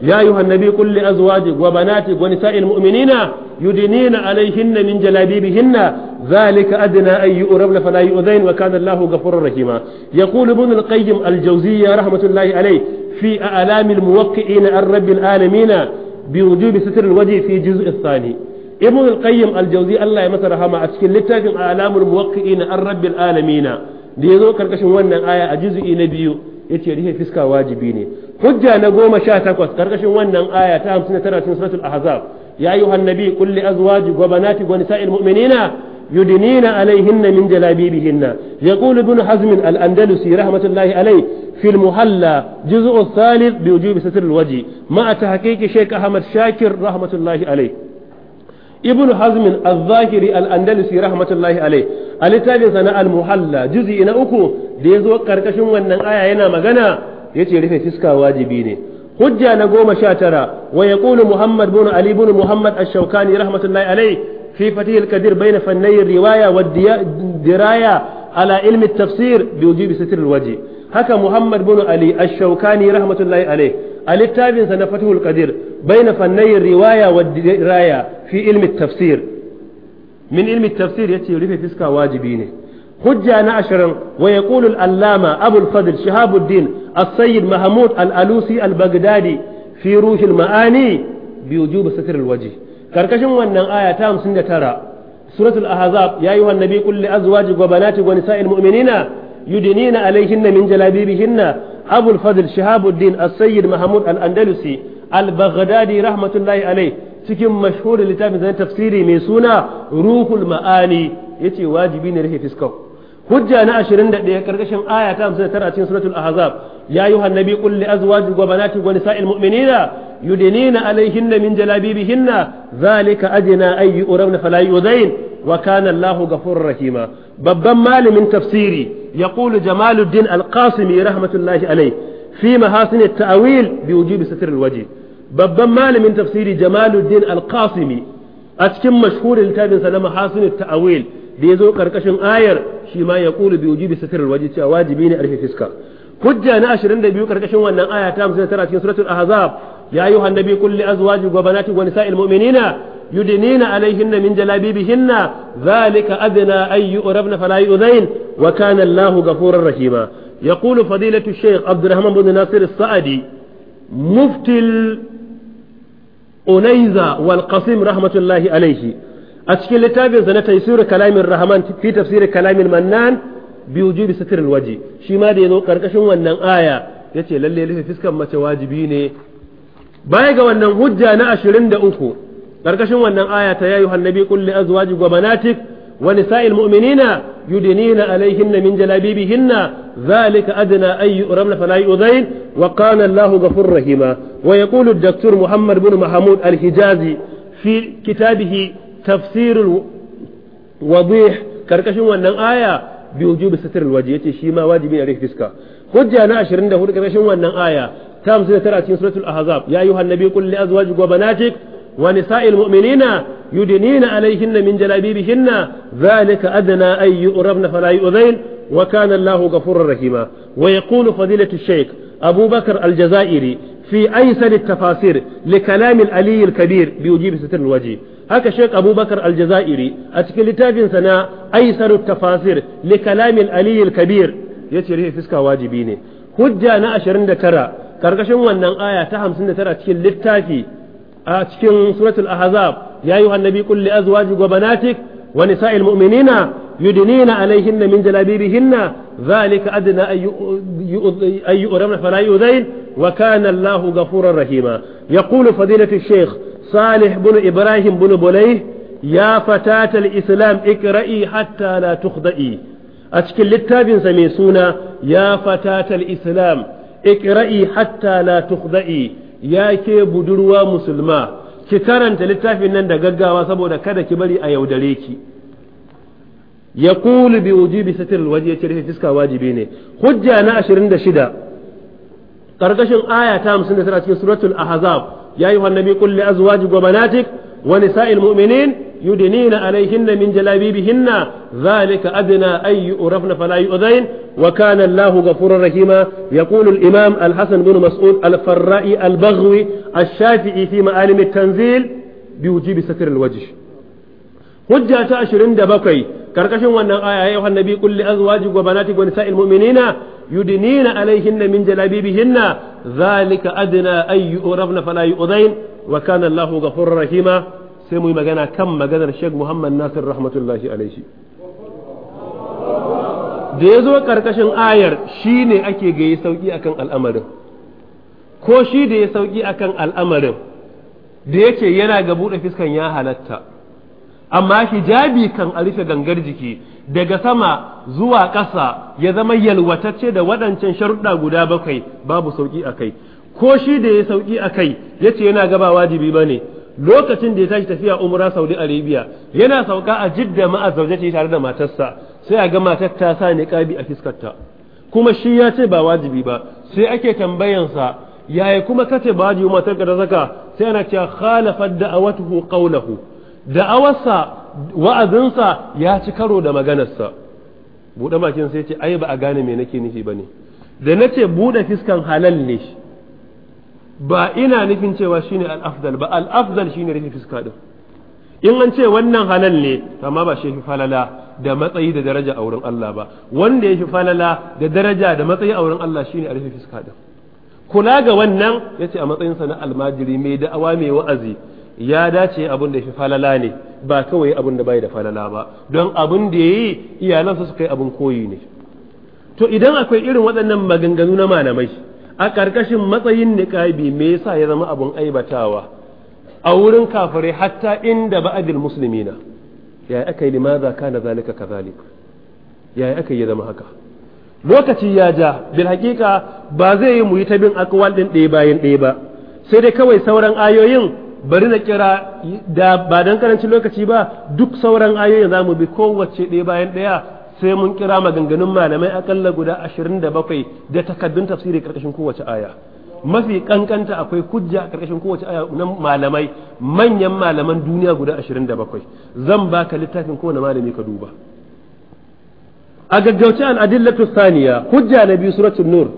ya ayuha annabi qul li azwaji wa banati wa nisa'il mu'minina yudinina alayhinna min jalabibihinna zalika adna an yu'rabna fala yu'zain wa kana allahu ghafurur rahima yaqulu ibn al qayyim al jawziyya rahmatullahi alayh fi a'lam al muwaqqi'in ar rabb al alamin bi wujubi sitr al fi juz' al thani ibn al qayyim al jawziyya allah ya masa rahama a cikin littafin a'lam al muwaqqi'in ar rabb al alamin da yazo karkashin wannan aya a juz'i na biyu yace rufe fiska wajibi ne hujja na goma sha takwas karkashin wannan aya ta hamsin da tara cikin suratul ahzab ya ayyuha annabi qul li azwajika wa banatika wa nisa'il mu'minina yudnina alayhinna min jalabibihinna yaqulu ibn hazm al-andalusi rahmatullahi alai fil المحلى جزء الثالث بوجوب ستر الوجه مع تحقيق hakiki أحمد ahmad shakir rahmatullahi alai. ibnu hazmin az-zahiri al-andalusi rahmatullahi alai a littafin na al-muhalla juz'i na uku da yazo karkashin wannan aya yana magana yace rufe fiska wajibi ne hujja na goma sha tara wa yaqulu muhammad bin ali bin muhammad ash-shawkani rahmatullahi alai fi fatih al-kadir bayna fannay riwaya wa diraya ala ilmi at-tafsir bi wujubi sitr al-wajh haka muhammad bin ali ash-shawkani rahmatullahi alai a littafinsa na fatihul Kadir. بين فني الرواية والدراية في علم التفسير من علم التفسير يتي رفي فسكا واجبين حجة نعشرا ويقول الألامة أبو الفضل شهاب الدين السيد محمود الألوسي البغدادي في روح المعاني بوجوب ستر الوجه كركشن وأن آية تام سنة ترى سورة الأحزاب يا أيها النبي قل لأزواجك وبناتك ونساء المؤمنين يدنين عليهن من جلابيبهن أبو الفضل شهاب الدين السيد محمود الأندلسي al rahmatullahi alai cikin mashhurin littafin zan tafsiri mai suna ruhul ma'ani yace wajibi ne rufe fiskau hujja na 21 karkashin aya ta 59 cikin suratul ahzab ya yi hannabi qul li azwajik wa banatik wa nisa'il mu'minina yudnina alayhinna min jalabibihinna zalika ajna ay yurawna fala yudayn wa kana ga ghafurur rahima babban malamin tafsiri yaqulu jamaluddin al-qasimi rahmatullahi alayhi fi mahasin at-ta'wil bi wujubi satr al babban malamin tafsiri Jamaluddin al-Qasimi a cikin mashhurin littafin sa na mahasin ta'awil da ya zo karkashin ayar shima ya kulu bi wujubi satr al-wajh cewa wajibi ne arfi fiska hujja na ashirin 22 karkashin wannan aya ta 59 cikin suratul ahzab ya ayyuhan nabi kulli azwajik wa banati wa nisa'il mu'minina yudnina alaihinna min jalabibihinna zalika adna ay yu'rabna fala yu'zain wa kana Allahu rahima يقول فضيلة الشيخ عبد الرحمن بن ناصر السعدي مفتي alaihi. والقصيم رحمة الله عليه أشكل لتابع زنا تيسير كلام الرحمن في تفسير كلام المنان بوجوب ستر الوجه شي دي نو كركشن wannan aya yace lallai rufe fiskar mace wajibi ne baya ga wannan hujja na 23 karkashin wannan aya ta yayu hannabi kulli azwaji azwajik wa banatik wa nisa'il mu'minina yudnina alayhinna min jalabibihinna zalika adna ay yu'ramna fala yu'zain wa qala Allah ghafur rahima wa yaqulu ad daktur Muhammad bin Mahmud al-Hijazi fi kitabih tafsir al wadih karkashin wannan aya bi wujubi satr al-wajh yace shi ma wajibi ne rufe fiska hujja na 24 karkashin wannan aya ta musu da tara cikin suratul ahzab ya ayyuha nabi qul li azwajik wa banatik wa nisa'il mu'minina yudnina alayhinna min jalabibihinna dhalika adna ay yu'rafna fala yu'dhain wa kana allah ghafurur rahima wa yaqulu fadilatu shaykh abubakar bakr aljazairi fi aysan at-tafasir li kalam al kabir biyu wujub satr al-wajh haka shaykh abubakar bakr aljazairi a cikin litafin sa na aysan at-tafasir li kalam al-ali al-kabir yace rihi fiska wajibi ne hujja na ashirin da tara. karkashin wannan aya ta 59 cikin littafi a cikin suratul ahzab ya yi annabi qul li azwajik wa banatik wa nisa'il mu'minina yudnina alayhinna min jalabibihinna zalika adna ay yu'ram fala yudain wa kana allah ghafurar rahima yaqulu fadilatu ash-shaykh صالح بن إبراهيم بن بليه يا فتاة الإسلام اقرئي حتى لا تخضئي أشكل للتابن سميسونا يا فتاة islam iqra'i hatta la tukhda'i ya ke budurwa musulma ki karanta littafin nan da gaggawa saboda kada ki bari a yaudare ki ya kulu bi wujubi satr alwaji yace rufe fiska wajibi ne hujja na 26 karkashin aya ta 59 cikin suratul ahzab ya ayyuhan nabi qul li azwajika wa banatika ونساء المؤمنين يدنين عليهن من جلابيبهن ذلك أدنى أي يؤرفن فلا يؤذين وكان الله غفورا رحيما يقول الإمام الحسن بن مسؤول الفرائي البغوي الشافعي في معالم التنزيل بوجيب ستر الوجه حجة أشرين دبقي كركشن وانا آية أيها النبي قل لأزواجك وبناتك ونساء المؤمنين يدنين عليهن من جلابيبهن ذلك أدنى أي يؤرفن فلا يؤذين wa kana Allah ghafurur rahima sai mu yi magana kan maganar Sheikh Muhammad Nasir rahmatullahi alaihi da ya zo karkashin ayar shi ne ake ga yi sauki akan al'amarin ko shi da ya sauki akan al'amarin da yake yana ga buɗe fiskan ya halatta amma hijabi kan a rufe gangar jiki daga sama zuwa ƙasa ya zama yalwatacce da waɗancan sharuɗa guda bakwai babu sauƙi a kai ko shi da ya sauki a kai ya ce yana gaba wajibi ba ne lokacin da ya tashi tafiya umra saudi arabia yana sauka a jidda ma'a ce tare da matarsa sai a ga matar ta sa kabi a fiskarta kuma shi ya ce ba wajibi ba sai ake tambayansa yaya kuma kace ba wajibi matar ka da zaka sai ana cewa khalafa da'awatuhu qawluhu da'awarsa wa'azinsa ya ci karo da maganarsa buɗe bakin sai ce ai ba a gane me nake nufi bane da nace buɗe fiskan halal ne ba ina nufin cewa shine al al’afdal ba al shi ne rufe fuska ɗin in an ce wannan halal ne amma ba shi falala da matsayi da daraja a wurin Allah ba wanda ya fi falala da daraja da matsayi a wurin Allah shi ne a rufe fuska kula ga wannan ya ce a matsayinsa na almajiri mai da'awa mai wa'azi ya dace abin da ya fi falala ne ba kawai abin da bai da falala ba don abin da ya yi iyalansa su kai abin koyi ne to idan akwai irin waɗannan maganganu na malamai a ƙarƙashin matsayin niƙabi me yasa ya zama abun aibatawa a wurin kafirai hatta inda ba'adil muslimina ya aka yi limaza kana zalika kazalik ya aka yi zama haka lokaci ya ja bil haƙiƙa ba zai yi muyi ta bin akwal ɗin ɗaya bayan ɗaya ba sai dai kawai sauran ayoyin bari na kira da ba dan karanci lokaci ba duk sauran ayoyin zamu bi kowace ɗaya bayan ɗaya sai mun kira maganganun malamai akalla guda 27 da takaddun tafsiri karkashin kowace aya mafi kankanta akwai hujja a karkashin kowace aya nan malamai manyan malaman duniya guda 27 zan baka littafin kowane malami ka duba a gaggauce an adillatu saniya hujja na biyu suratul nur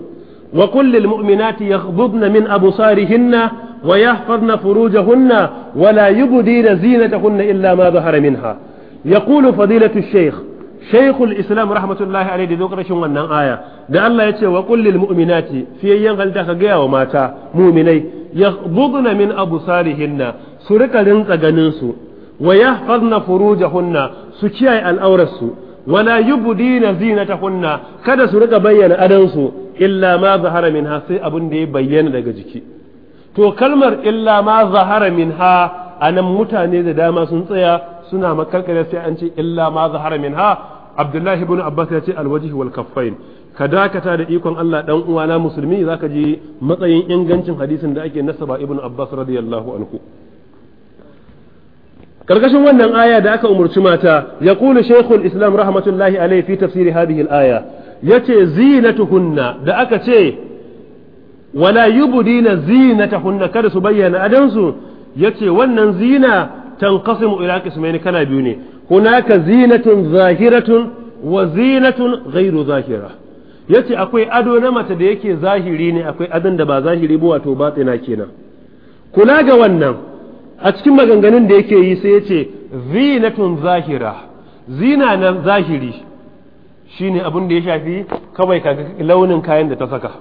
wa kullil mu'minati yaghdubna min absarihinna wa yahfazna furujahunna wa la yubdina zinatahunna illa ma dhahara minha يقول فضيلة الشيخ shaykhul islam rahmatullahi alaihi da karshen wannan aya da Allah ya ce wa qul lil mu'minati yan galda ka gaya wa mata mu'minai yaghdudna min hinna su rika rinka ganin su wa yahfazna furujahunna su kiyaye al'aurarsu la yubdina zinatahunna kada su rika bayyana adansu illa ma zahara minha sai abin da ya bayyana daga jiki to kalmar illa ma zahara minha anan mutane da dama sun tsaya suna makarkare sai an ce illa ma zahara ha abdullahi ibn abbas ya ce alwajhi wal kaffain ka dakata da ikon Allah dan uwana musulmi zaka ji matsayin ingancin hadisin da ake nasaba ibn abbas radiyallahu anhu karkashin wannan aya da aka umarci mata ya kula islam rahmatullahi alaihi fi tafsiri hadhihi al-aya yace zinatuhunna da aka ce wala yubdina zinatahunna kada su bayyana adansu yace wannan zina tanqasimu ila qismain kana biyu ne hunaka zinatun zahiratun wa zinatun zahira yace akwai ado na mace da yake zahiri ne akwai adon da ba zahiri ba wato batina kenan kula ga wannan a cikin maganganun da yake yi sai yace zinatun zahira zina na zahiri shine abin da ya shafi kawai kaga launin kayan da ta saka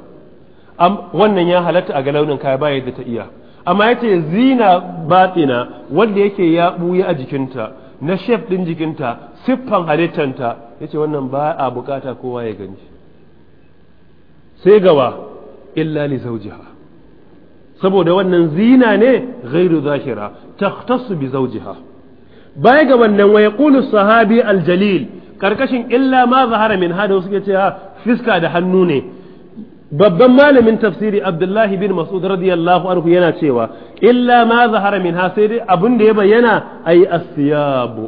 wannan ya halatta a ga launin kaya ba yadda ta iya amma yace zina batina wanda yake ya buya a jikinta na shef ɗin jikinta siffan halittanta yace wannan ba a bukata kowa ya gani sai gawa illa li zawjiha saboda wannan zina ne ghairu zahira takhtassu bi zawjiha baya ga wannan wa yaqulu sahabi aljalil karkashin illa ma zahara min hada suke cewa fiska da hannu ne babban malamin tafsiri abdullahi bin mas'ud radiyallahu anhu yana cewa illa ma zahara min sai dai abin da ya bayyana ayi asiyabu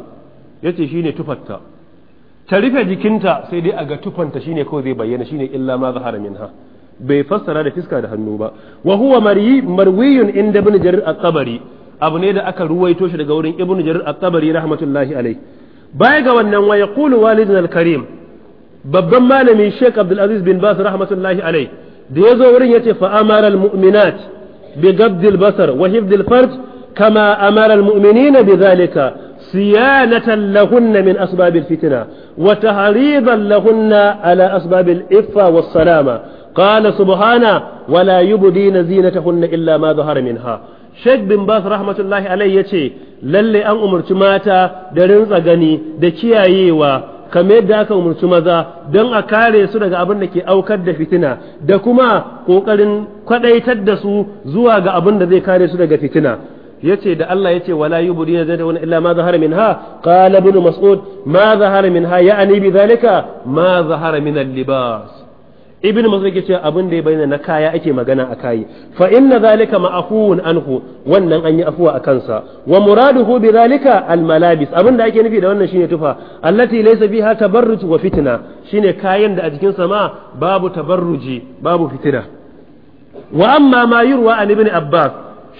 yace shine tufatta ta rufe jikinta sai dai a ga tufanta shine ko zai bayyana shine illa ma zahara minha bai fassara da fiska da hannu ba wa huwa marwiyun inda ibn jarir al tabari abu ne da aka ruwaito shi daga wurin ibn jarir al tabari rahmatullahi alayh baya ga wannan wa yaqulu walidun al-karim babban malami Sheikh Abdul Aziz bin Bas rahmatullahi alai da yazo wurin yace fa amara al mu'minat bi gabd al basar wa hifd al farj kama amara al mu'minina bi dhalika صيانة لهن من أسباب الفتنة وتعريضا لهن على أسباب الإفة والسلامة subhana سبحانه ولا يبدين hunna illa ما ظهر minha Sheikh bin Bas rahmatullahi alai ya ce, Lalle an umarci mata da rintsa gani da kiyayewa kamar yadda aka umurci maza don a kare su daga abin da ke aukar da fitina da kuma ƙoƙarin kwaɗaitar da su zuwa ga abin da zai kare su daga fitina yace da Allah yace wala na zata illa ma zahara minha qala ibn mas'ud ma zahara minha ya'ni bi dhalika ma zahara min al-libas ibn masud yake cewa abin da ya bayyana na kaya ake magana a kai fa inna zalika ma'afuwun anhu wannan an yi afuwa a kansa wa muraduhu bi zalika al malabis abin da ake nufi da wannan shine tufa allati laysa biha tabarruj wa fitna shine kayan da a jikin sa ma babu tabarruji babu fitina wa amma ma yurwa an ibn abbas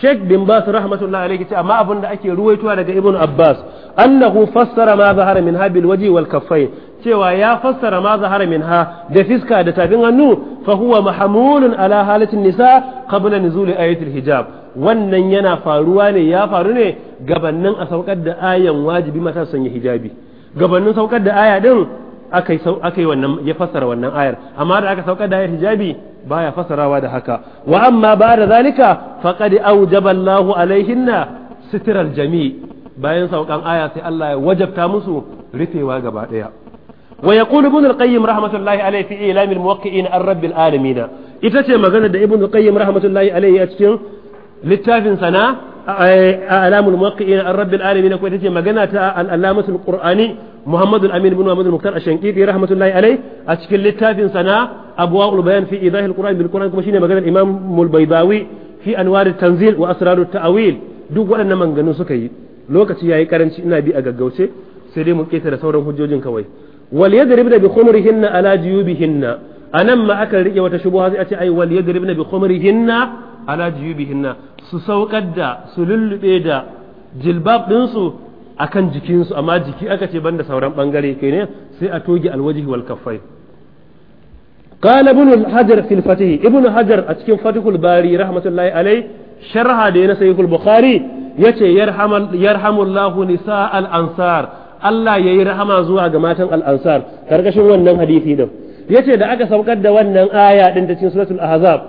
Sheikh bin Bas rahmatullahi alayhi ce amma abin da ake ruwaitowa daga Ibn Abbas annahu fassara ma zahara min habil waji wal kaffain cewa ya fassara ma zahara minha da fiska da tafin hannu fa huwa mahmulun ala halatin nisa qabla nuzul ayatul hijab wannan yana faruwa ne ya faru ne gabannin a saukar da ayan wajibi mata sanya hijabi gabannin saukar da aya din akai akai wannan ya fassara wannan ayar amma da aka saukar da ayar hijabi baya fassarawa da haka wa amma ba zalika faqad awjaba Allahu alaihinna sitral jami' bayan saukan aya sai Allah ya wajabta musu rufewa gaba daya ويقول ابن القيم رحمة الله عليه في إعلام الموقعين عن رب العالمين إتتي مغنى ابن القيم رحمة الله عليه أتكين للتافن سنة أعلام الموقعين عن رب العالمين وإتتي مغنى الألامة القرآني محمد الأمين بن محمد المختار الشنقيطي رحمة الله عليه أتكين للتافن سنة أبواء البيان في إيضاح القرآن بالقرآن كما شيني مغنى الإمام البيضاوي في أنوار التنزيل وأسرار التأويل دوك وأنا مغنى سكي لوكتي يا كرنشي نبي أغاقوسي سيدي مكيتر سورا حجوجين كوي wal yadribna bi khumurihinna ala juyubihinna anan ma aka rike wata shubuha sai a ce ai wal yadribna bi khumurihinna ala juyubihinna su saukar da su lullube da jilbab ɗinsu a kan jikinsu amma jiki aka ce banda sauran ɓangare kai ne sai a toge alwajihi wal kaffai قال ابن الحجر في الفتح ابن حجر أتكلم فتح الباري رحمة الله عليه شرح دين سيف البخاري يتي يرحم, يرحم الله نساء الأنصار Allah ya yi rahama zuwa ga matan al'ansar karkashin wannan hadisi din yace da aka saukar da wannan aya ɗin ta cikin suratul ahzab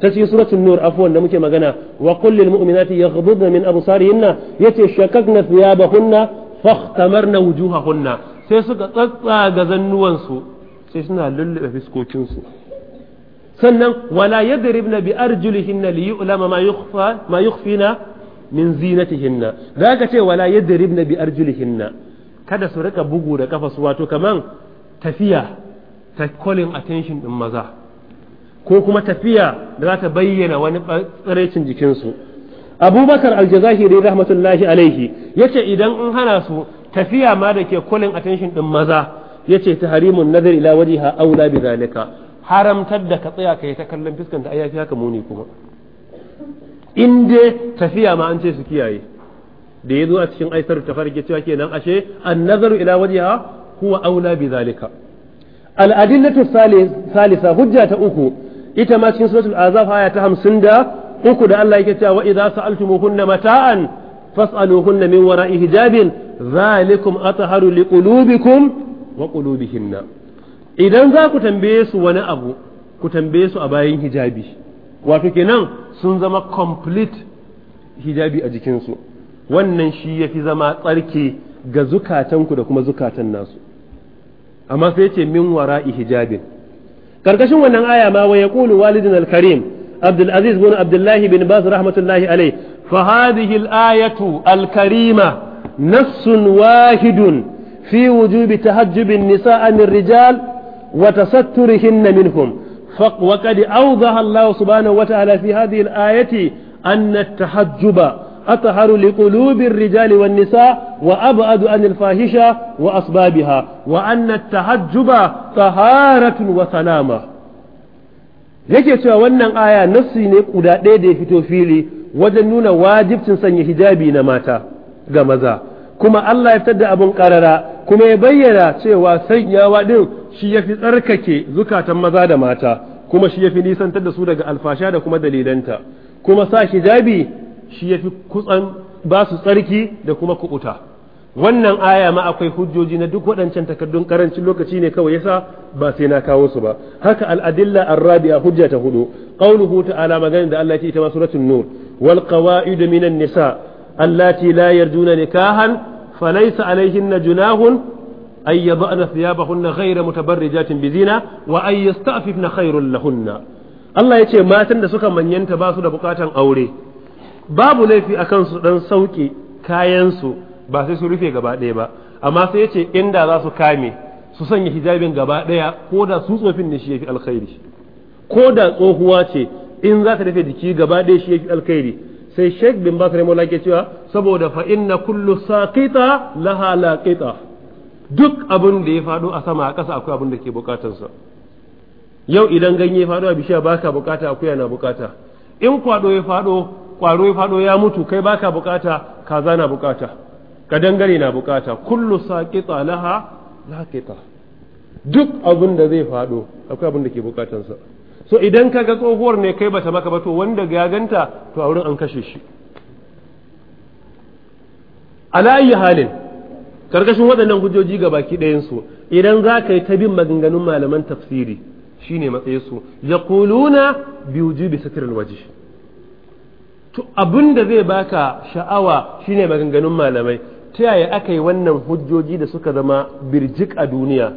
ta cikin suratul nur afwan da muke magana wa qul lil mu'minati yaghdudna min absarihinna yace shakakna thiyabahunna fakhtamarna wujuhahunna sai suka tsatsaga zannuwansu sai suna lullube fiskokinsu sannan wala yadribna bi arjulihinna li yu'lama ma yukhfa ma yukhfina min zinatihinna da aka ce wala yadribna bi arjulihinna kada su rika bugu da kafa su wato kaman tafiya ta calling attention din maza ko kuma tafiya da za ta bayyana wani tsiraicin jikinsu abubakar aljazahiri rahmatullahi alaihi yace idan in hana su tafiya ma da ke calling attention din maza yace ta harimun nazar ila wajiha aula bi zalika haramtar da ka tsaya kai ta kallon fuskanta ai haka muni kuma in tafiya ma an ce su kiyaye da ya zo a cikin aisaru ta farke cewa kenan ashe an nazaru ila wajiha huwa aula bi zalika al adillatu salisa hujja ta uku ita ma cikin suratul azab aya ta 50 uku da Allah yake cewa wa idza sa'altumuhunna mata'an fas'aluhunna min wara'i hijabin zalikum asa liqulubikum wa qulubihinna idan za ku tambaye su wani abu ku tambaye su a bayan hijabi wato kenan sun zama complete hijabi a jikinsu wannan shi ya fi zama tsarki ga zukatanku da kuma zukatan nasu amma sai ce min wara'i hijabin karkashin wannan aya ma wa yaqulu walidun al-karim abdul aziz bin abdullahi bin baz rahmatullahi alai fa hadhihi al-ayatu al-karima nassun wahidun fi wujubi tahajjubin nisaa min rijal wa tasatturihinna minhum وقد أوضح الله سبحانه وتعالى في هذه الآية أن التحجب أطهر لقلوب الرجال والنساء وأبعد عن الفاحشة وأسبابها وأن التحجب طهارة وسلامة yake cewa wannan aya nassi ne guda ɗaya da ya fito fili wajen nuna wajibcin sanya hijabi na mata ga maza kuma Allah ya fitar da abun karara kuma ya bayyana cewa sanyawa din shi ya fi tsarkake zukatan maza da mata kuma shi ya fi nisantar da su daga alfasha da kuma dalilanta kuma sa hijabi shi ya fi kutsan ba su tsarki da kuma kubuta wannan aya ma akwai hujjoji na duk waɗancan takardun karancin lokaci ne kawai yasa ba sai na kawo su ba haka al'adilla adilla rabia hujja ta hudu qawluhu ta'ala magana da Allah ya ce ita ma suratul nur wal qawa'id minan nisa allati la yarjuna nikahan falaysa alayhinna junahun أن يضعن ثيابهن na متبرجات na hunna. Allah ya ce matan da suka manyanta ba su da bukatan aure. babu laifi a kansu dan sauke kayansu ba sai su rufe gaba ɗaya ba amma sai ce inda za su kame su sanya hijabin gaba ɗaya ko da su tsofin ne shi yafi alkhairi ko da tsohuwa ce in za ta rufe jiki gaba ɗaya shi yafi alkhairi sai sheikh bin bakar mola ke cewa saboda fa inna kullu saqita laha laqita duk abin da ya faɗo a sama a ƙasa akwai abin da ke bukatansa yau idan ganye faɗo a bishiya baka bukata akuya na bukata in kwaɗo ya faɗo kwaro ya fado ya mutu kai baka bukata kaza na bukata ka dangare na bukata kullu saqita laha laqita duk abin da zai fado akwai abin da ke bukatansa so idan ka ga tsohuwar ne kai bata maka ba to wanda ya ganta to a wurin an kashe shi ala ayi halin karkashin waɗannan hujjoji ga baki ɗayansu idan za ka yi ta bin maganganun malaman tafsiri shine matsayinsu yaquluna bi wujubi satr waje. to abin da zai baka sha'awa shine maganganun malamai ta yaya aka yi wannan hujjoji da suka zama birjik a duniya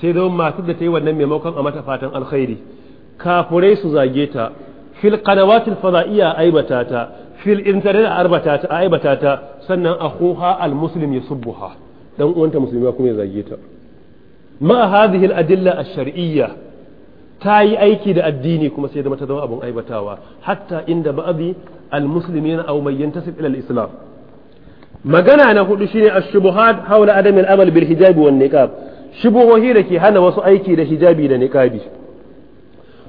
sai zama masu da ta yi wannan maimakon a mata fatan alkhairi kafurai su zage ta fil qanawatil fada'iyya aibata ta fil internet a arbata ta aibata ta sannan akhuha al muslim yusubbuha dan uwanta musulmi kuma ya zage ta ma hadhihi al adilla al shar'iyya ta yi aiki da addini kuma sai da ta zama abin aibatawa hatta inda ba'abi almuslimin aw man yantasib ila al-islam magana na hudu shine ash-shubuhat hawla adam al-amal bil hijab wal niqab shubuhohi da ke hana wasu aiki da hijabi da niqabi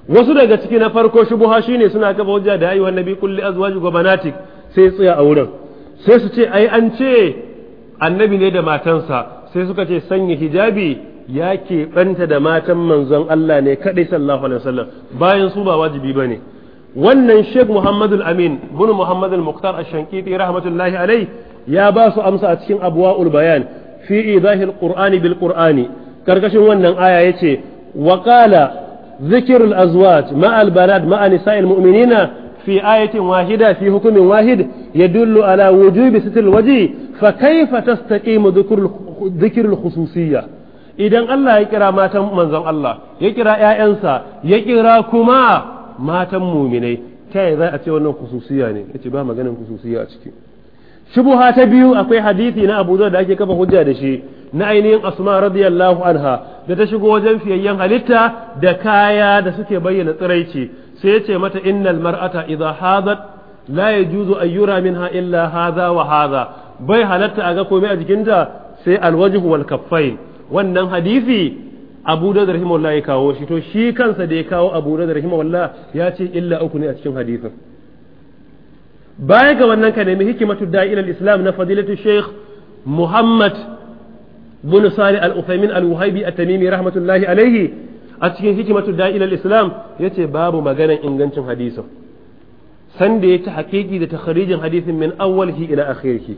wasu daga ciki na farko shubuha shine suna kafa hujja da ayyuhan nabi kulli azwaj wa banatik sai tsaya a wurin sai su ce ai an ce annabi ne da matansa sai suka ce sanya hijabi ya keɓanta da matan manzon Allah ne kaɗai sallallahu alaihi wasallam bayan su ba wajibi ba ne wannan sheikh muhammadu amin bin muhammadu muktar ashankiti rahmatullahi alai ya ba su amsa a cikin abuwa'ul bayan fi idahil qur'ani bil qur'ani karkashin wannan aya yace wa qala zikrul azwaj ma'al balad ma'a nisa'il mu'minina في آية واحدة في حكم واحد يدل على وجوب ستر الوجه فكيف تستقيم ذكر الخصوصية idan Allah ya kira matan manzon Allah ya kira ‘ya'yansa ya kira kuma matan muminai ta yi za a ce wannan kususiya ne ya ce ba maganin kususiya a ciki shubuha ta biyu akwai hadithi na abu da ake kafa hujja da shi na ainihin asma radiyallahu anha da ta shigo wajen fiyayyen halitta da kaya da suke bayyana tsiraici sai ya ce mata innal mar'ata idza hadat la yajuzu an yura minha illa hadha wa hadha bai halatta a ga komai a jikinta sai alwajhu wal kaffain wannan hadisi abu da rahimahullah ya kawo shi to shi kansa da ya kawo abu da rahimahullah ya ce illa uku ne a cikin hadisin baya ga wannan ka nemi hikimatu da'ilal islam na fadilatu sheikh muhammad bin sali al-uthaymin al-wahibi at-tamimi rahmatullahi alaihi a cikin hikimatu da'ilal islam yace babu maganar ingancin hadisin san da ya ci haƙiƙi da takharijin hadisin min awwalhi ila akhirhi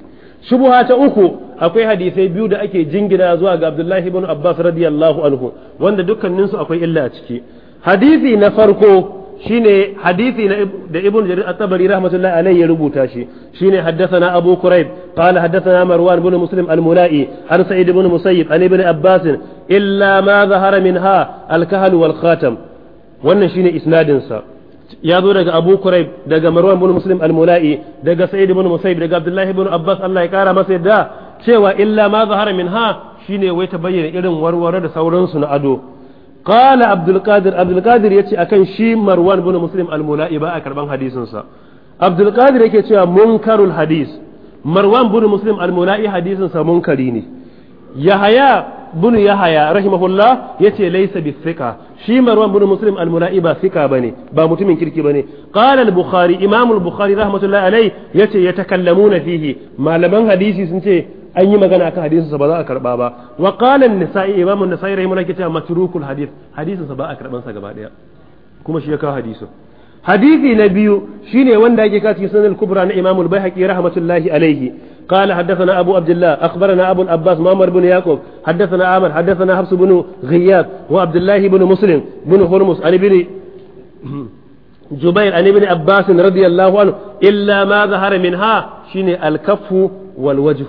shubha ta uku akwai hadisai biyu da ake jingina zuwa ga Abdullahi ibn Abbas radiyallahu anhu wanda dukkanin su akwai illa a ciki hadisi na farko shine hadisi na da ibn jarir at-tabari rahmatullahi alayhi ya rubuta shi shine haddathana abu kurayb qala haddathana marwan ibn muslim al-mulai an sa'id ibn musayyib an ibn abbas illa ma zahara minha al-kahl wal khatam wannan shine isnadin sa ya zo daga Abu Kuraib daga Marwan bin Muslim al-Mula'i daga Sa'id bin Musayyib daga Abdullah bin Abbas Allah ya kara masa yadda cewa illa ma zahara minha shine wai ta bayyana irin warware da sauransu na ado qala Abdul Qadir Abdul Qadir yace akan shi Marwan bin Muslim al-Mula'i ba a karban hadisin sa Abdul Qadir yake cewa munkarul hadis Marwan bin Muslim al-Mula'i hadisin sa munkari ne Yahaya bin yahaya rahimahullah yace laisa bi shi marwan bunu muslim al-mula'i ba thiqa bane ba mutumin kirki bane qala al-bukhari imam al-bukhari rahmatullahi ya yace yatakallamuna fihi malaman hadisi sun ce an yi magana akan hadisin sa ba za a karba ba wa qala an-nasa'i imam an-nasa'i rahimahullah yace matrukul hadith hadisin sa ba a karban sa gaba daya kuma shi ya kawo hadisin hadisi na biyu shine wanda yake kawo cikin sunan al-kubra na imam al-baihaqi rahmatullahi alaihi. قال حدثنا أبو عبد الله أخبرنا أبو الأباس مامر بن يعقوب حدثنا عامر حدثنا حفص بن غياث وعبد الله بن مسلم بن هرمز عن ابن جبير عن ابن عباس رضي الله عنه إلا ما ظهر منها شيني الكف والوجه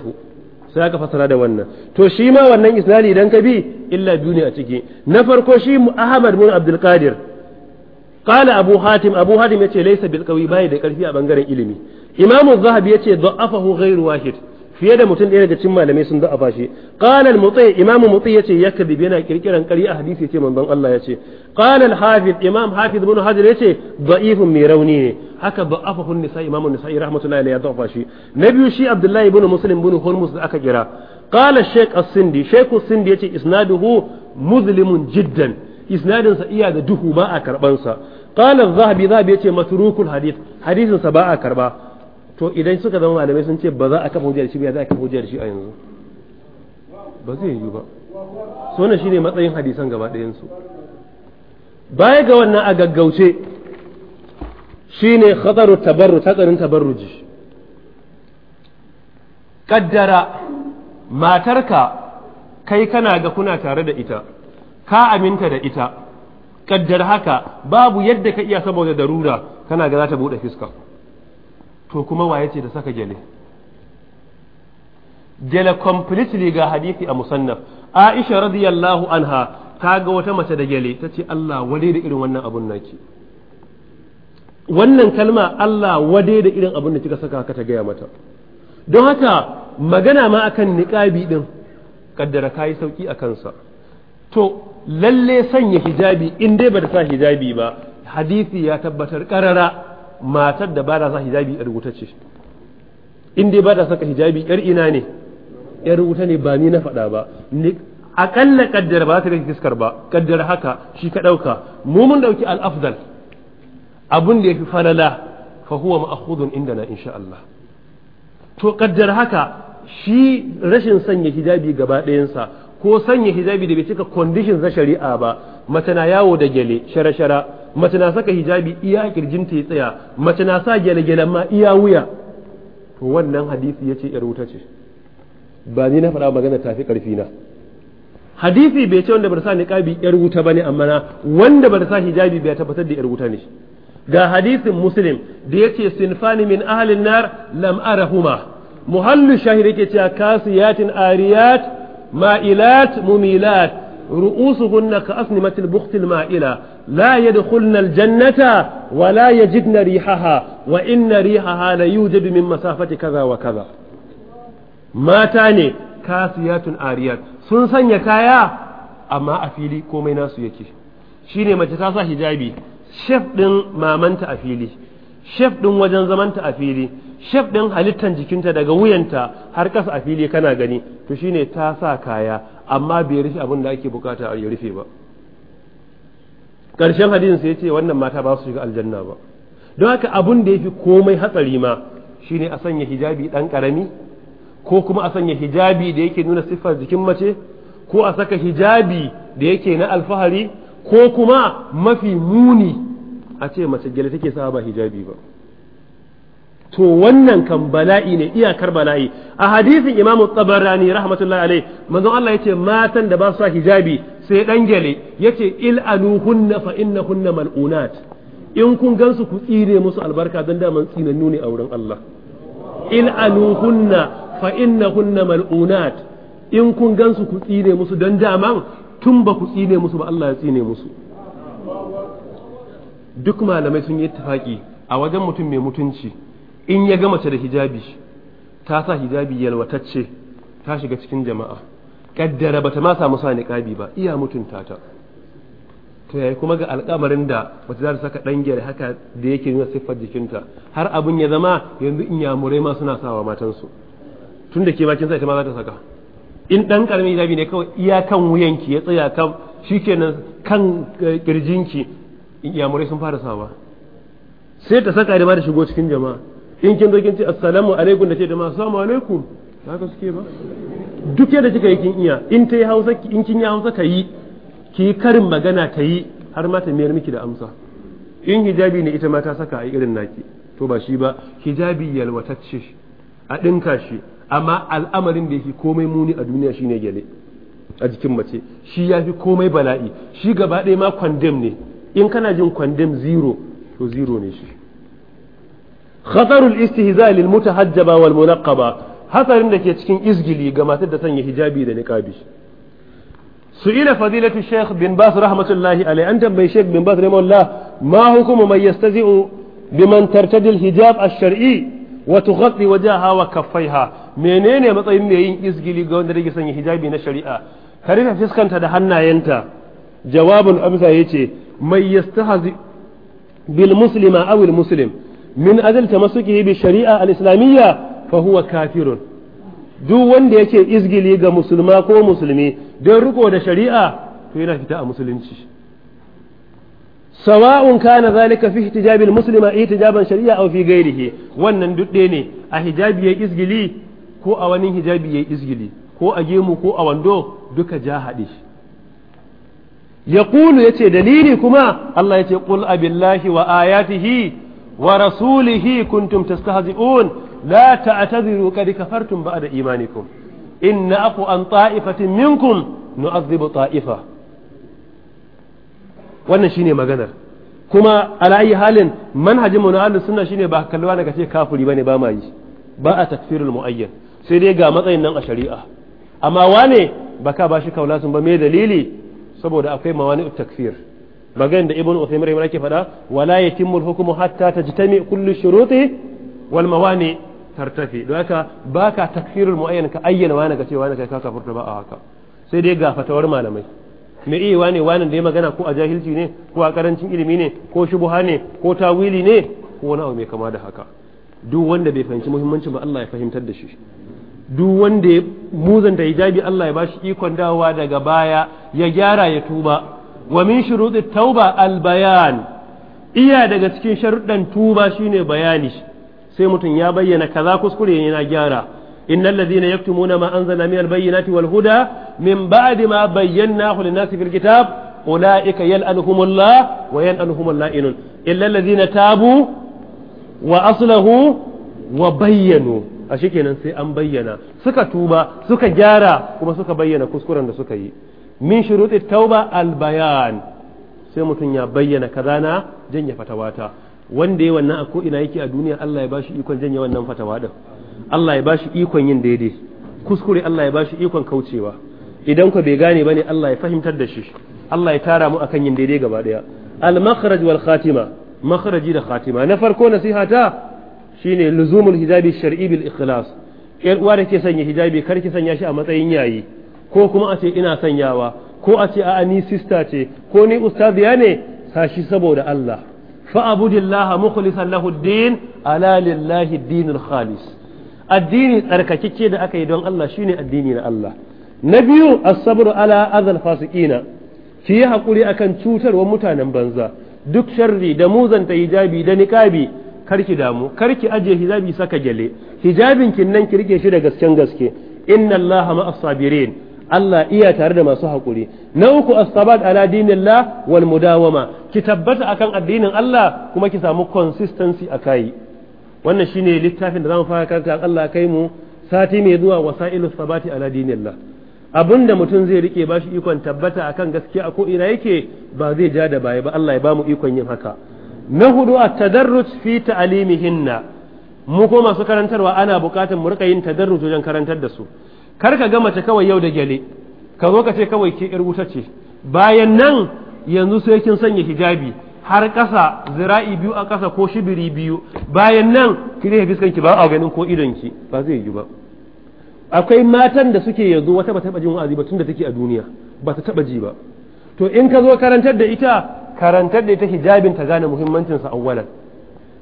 sai ka fasara da wannan to shi ma wannan isnadi idan ka bi illa biyu ne a ciki na farko shi Ahmad bin Abdul Qadir qala Abu Hatim Abu Hatim yace laysa bil qawi bai da karfi a bangaren ilimi imamu zahabi ya yace da'afahu ghairu wahid fiye da mutum ɗaya daga cikin malamai sun da'afa shi qala al mutai imamu mutai yace yakdhib yana kirkiran ƙarya hadisi yace manzon Allah yace qala al hafiz imam hafiz ibn hajar yace da'ifun mai rauni ne haka da'afahu nisa imamu nisa'i rahmatullahi alayhi ya da'afa shi na biyu shi abdullahi ibn muslim ibn hurmus da aka kira qala shaykh as-sindi shaykh as-sindi yace isnaduhu muzlimun jiddan isnadin sa iya da duhu ba a karban sa qala az-zahabi zahabi yace matrukul hadith hadisin sa ba a karba to idan suka zama malamai sun ce ba za a kafa hujjar shi ba za a kafa hujjar shi a yanzu ba zai yi ba so wannan shine matsayin hadisan gaba ɗayan su baya ga wannan a gaggauce shine khataru tabarru tsarin tabarruji kaddara matarka kai kana ga kuna tare da ita ka aminta da ita kaddar haka babu yadda ka iya saboda darura kana ga za ta buɗe fiska to kuma waye ce da saka gele gele completely ga hadisi a musannaf Aisha radiyallahu anha ta ga wata mace da gele ta ce Allah wade da irin wannan abun naki wannan kalma Allah wade da irin abun da kika saka ka ta gaya mata don haka magana ma akan niqabi din kaddara kayi sauki a kansa to lalle sanya hijabi in dai ba sa hijabi ba hadisi ya tabbatar karara matar da ba da sa hijabi yar wuta ce in dai ba da saka hijabi yar ina ne yar wuta ne ba ni na faɗa ba akalla kaddar ba ta rage fiskar ba kaddar haka shi ka ɗauka mu mun ɗauki al'afdal abun da yafi fi falala fa huwa ma'khudun indana insha Allah to kaddar haka shi rashin sanya hijabi gaba ɗayansa ko sanya hijabi da bai cika condition na shari'a ba mace na yawo da gele shara-shara mace na saka hijabi iya kirjinta ya tsaya mace na sa gyale-gyalen ma iya wuya to wannan hadisi ya ce ƴar wuta ce ba ni na faɗa magana tafi ƙarfi na hadisi bai ce wanda bar sa niqabi yar wuta bane amma na wanda bar sa hijabi bai tabbatar da ƴar wuta ne ga hadisin muslim da yace sinfani min ahlin nar lam arahuma muhallu shahiri yake cewa kasiyatin ariyat ma'ilat mumilat ru'usuhunna ka asnimatil buqtil ma'ila لا يدخلن الجنة ولا يجدن ريحها وإن ريحها ليوجد masafati مسافة كذا وكذا mata ne kasiyatun ariyat sun sanya kaya amma a fili komai nasu yake shine mace ta sa hijabi shef din mamanta a fili shef din wajen zamanta a fili shef din halittan jikinta daga wuyanta har kasa a fili kana gani to shine ta sa kaya amma bai rufe abin da ake bukata ya rufe ba ƙarshen hadisin sai ya ce wannan mata ba su shiga aljanna ba don haka abun da ya fi komai hatsari ma shine a sanya hijabi ɗan karami ko kuma a sanya hijabi da yake nuna siffar jikin mace ko a saka hijabi da yake na alfahari ko kuma mafi muni a ce mace gyale take sa ba hijabi ba to wannan kan bala'i ne iyakar bala'i a hadisin imamu tsabarani rahmatullahi alai manzon Allah yace matan da ba su hijabi sai dan gele yace il anuhunna fa innahunna mal'unat in kun gansu ku tsire musu albarka dan da man tsinan ne a wurin Allah il anuhunna fa innahunna mal'unat in kun gansu ku tsire musu dan daman tun ba ku tsine musu ba Allah ya tsine musu duk malamai sun yi tafaki a wajen mutum mai mutunci in ya ga mace da hijabi ta sa hijabi yalwatacce ta shiga cikin jama'a kaddara bata ma samu sa niqabi ba iya mutunta ta to yayi kuma ga alƙamarin da mace za ta saka dangiyar haka da yake nuna siffar jikinta har abin ya zama yanzu in murai ma suna sawa matansu tun da ke bakin sa ita ma za ta saka in dan karamin hijabi ne kawai iya kan wuyanki ya tsaya kan shikenan kan kirjinki eh, yamurai sun fara sawa sai ta saka da ma da shigo cikin jama'a in kin zo kin ce assalamu alaikum da ce da assalamu alaikum haka suke ba duk yadda kika yi kin iya in ta yi hausa in kin yi hausa ka ki karin magana ta yi har ma ta miyar miki da amsa in hijabi ne ita ma ta saka a irin naki to ba shi ba hijabi yalwatacce a ɗinka shi amma al'amarin da yake komai muni a duniya shine gele, a jikin mace shi ya fi komai bala'i shi gaba ɗaya ma kwandem ne in kana jin kwandem zero to zero ne shi khatarul istihza lil mutahajjaba wal munaqqaba hatsarin da ke cikin izgili ga matar da sanya hijabi da niqabi su'ila fadilatu shaykh bin bas rahmatullahi alayhi an tambayi shaykh bin bas rahimahullah ma hukumu man yastazi'u biman tartadi al hijab al shar'i wa tughatti wajaha wa kaffaiha menene matsayin mai yin izgili ga wanda yake sanya hijabi na shari'a ka fiskanta da hannayenta jawabin amsa yace mai yastahzi bil muslima aw al muslim min azal tamassukihi bi shari'a al-islamiyya fa huwa kafirun duk wanda yake izgili ga musulma ko musulmi don riko da shari'a to yana fita a musulunci sawa'un kana zalika fi hijabil muslima ihtijaban shari'a aw fi ghairihi wannan duk ne a hijabi yayi izgili ko a wani hijabi yayi izgili ko a gemu ko a wando duka ja Yakulu yaqulu yace dalili kuma Allah yace qul abillahi wa ayatihi ورسوله كنتم تستهزئون لا تعتذروا قد كفرتم بعد إيمانكم إن أقو أن طائفة منكم نعذب طائفة wannan shine maganar kuma ala halin manhajin mu na ahlus sunna shine ba kalluwa daga ce kafiri bane ba ma yi ba a takfirul muayyan sai dai ga matsayin nan a shari'a amma wane baka ba shi kaulasun ba me dalili saboda akwai mawani takfir magana da ibn Uthaymeen rahimahullah ake faɗa wala yatimul hukmu hatta tajtami kullu shuruti wal mawani tartafi don haka baka takfirul muayyan ka ayyana wani ga ce wani kai ka kafurta ba a haka sai dai ga fatawar malamai me iya wani wani da ya magana ko a jahilci ne ko a karancin ilimi ne ko shubuha ne ko tawili ne ko wani abu mai kama da haka duk wanda bai fahimci muhimmancin ba Allah ya fahimtar da shi duk wanda ya muzanta hijabi Allah ya bashi ikon dawowa daga baya ya gyara ya tuba wa min shuruɗi tauba albayan iya daga cikin sharuɗan tuba shine bayani sai mutum ya bayyana kaza kuskure ne na gyara innal ladhina yaktumuna ma miyar minal bayyinati wal huda min ba'di ma bayyanahu lin-nasi fil kitab ulaika yal'anuhumullah wa yal'anuhumul la'inun illa alladhina tabu wa aslahu wa bayyano. Ashe kenan sai an bayyana suka tuba suka gyara kuma suka bayyana kuskuren da suka yi min shuruɗi tauba albayan sai mutum ya bayyana kaza na janye fatawata wanda ya wannan ko ina yake a duniya Allah ya bashi ikon janye wannan fatawa din Allah ya bashi ikon yin daidai kuskure Allah ya bashi ikon kaucewa idan ku bai gane bane Allah ya fahimtar da shi Allah ya tara mu akan yin daidai gaba daya al makhraj wal khatima makhraji da khatima na farko ta shine luzumul hijabi shar'i bil ikhlas yar uwa da ke sanya hijabi kar ki sanya shi a matsayin yayi ko kuma a ce ina sanyawa ko a ce a ni sista ce ko ni ustaziya ne sashi saboda Allah fa abudillaha mukhlisan lahu din ala lillahi dinul khalis addini tsarkakeke da aka yi don Allah shine addini na Allah na biyu as-sabru ala adhal fasiqina ki yi hakuri akan wa mutanen banza duk sharri da muzanta hijabi da niqabi karki damu karki aje hijabi saka gele hijabin kin nan ki rike shi da gasken gaske inna allaha ma'as sabirin Allah iya tare da masu haƙuri na uku astabat ala dinillah wal mudawama ki tabbata akan addinin Allah kuma ki samu consistency a kai wannan shine littafin da zamu fara karanta Allah kai mu sati mai zuwa wasailu sabati ala dinillah abinda mutum zai rike ba shi ikon tabbata akan gaskiya a ko ina yake ba zai ja da baya ba Allah ya bamu ikon yin haka na hudu a tadarruj fi ta'alimihinna mu ko masu karantarwa ana bukatar mu rika yin tadarruj wajen karantar da su kar ka ga mace kawai yau da gyale ka zo ka ce kawai ke yar wuta ce bayan nan yanzu sai kin sanya hijabi har ƙasa zira'i biyu a ƙasa ko shibiri biyu bayan nan ki rufe fiskanki ba a ganin ko idonki ba zai yi ba akwai matan da suke yanzu wata ba ta taɓa jin wa'azi ba tun da take a duniya ba ta taɓa ji ba to in ka zo karantar da ita karantar da ita hijabin ta gane muhimmancin muhimmancinsa awwalan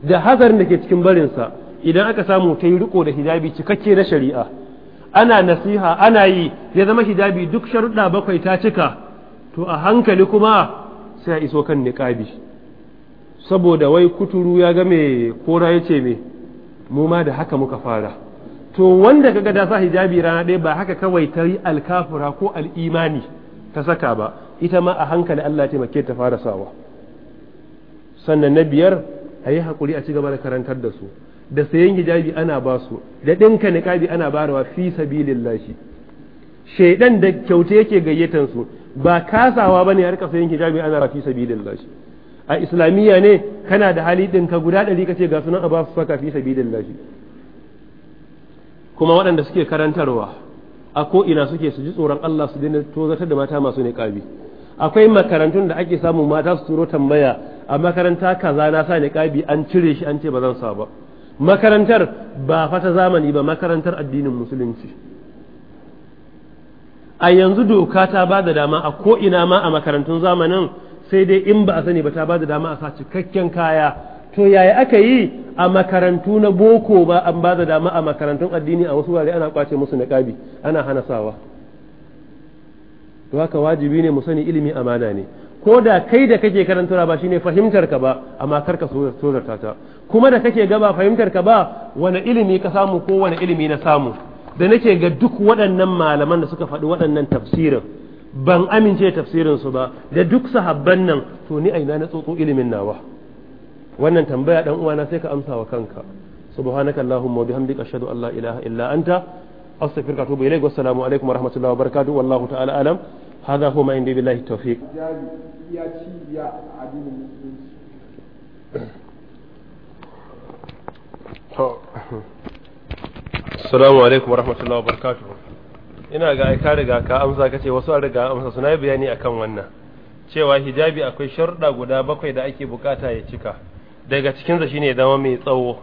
da hazarin da ke cikin barinsa idan aka samu ta yi riko da hijabi cikakke na shari'a ana nasiha ana yi ya zama hijabi duk sharuɗa bakwai ta cika to a hankali kuma sai a iso kan niƙabi saboda wai kuturu ya ga mai kora ya ce me mu ma da haka muka fara to wanda kaga da sa hijabi rana ɗaya ba haka kawai ta yi alkafura ko al'imani ta saka ba ita ma a hankali Allah taimake ta fara sawa sannan na biyar a yi haƙuri a ci gaba da karantar da su da sayan hijabi ana ba su da ɗinka niƙabi ana barawa fi sabilillahi shaidan da kyauta yake gayyatan su ba kasawa bane a rika sayan hijabi ana ba sabilillahi a islamiyya ne kana da hali ɗinka guda ɗari ka ce ga sunan a ba su saka fi sabilillahi kuma waɗanda suke karantarwa a ko ina suke su ji tsoron Allah su daina tozartar da mata masu niƙabi akwai makarantun da ake samu mata su turo tambaya a makaranta kaza na sa niƙabi an cire shi an ce ba zan sa ba makarantar ba fata zamani ba makarantar addinin musulunci a yanzu doka ta ba da dama a ko ina ma a makarantun zamanin sai dai in ba a sani ba ta ba da dama a sa cikakken kaya to yaya aka yi a makarantu na boko ba an ba da dama a makarantun addini a wasu wurare ana kwace musu niqabi ana hana sawa to haka wajibi ne mu sani ilimi amana ne ko da kai da kake karanta ba shine fahimtar ka ba amma karka ka sozarta ta kuma da kake gaba fahimtar ka ba wani ilimi ka samu ko wani ilimi na samu da nake ga duk waɗannan malaman da suka faɗi waɗannan tafsirin ban amince tafsirin su ba da duk sahabban nan to ni aina na tsotso ilimin nawa wannan tambaya dan uwana sai ka amsa wa kanka subhanaka allahumma wa bihamdika ashhadu an la ilaha illa anta astaghfiruka wa atubu ilaik wassalamu alaikum wa rahmatullahi wa barakatuh wallahu ta'ala alam هذا هو ما عندي بالله التوفيق السلام عليكم ورحمة الله وبركاته Ina ga aika riga ka amsa kace wasu a riga amsa suna yi bayani akan wannan. Cewa hijabi akwai sharuɗa guda bakwai da ake bukata ya cika. Daga cikin sa shine zama mai tsawo.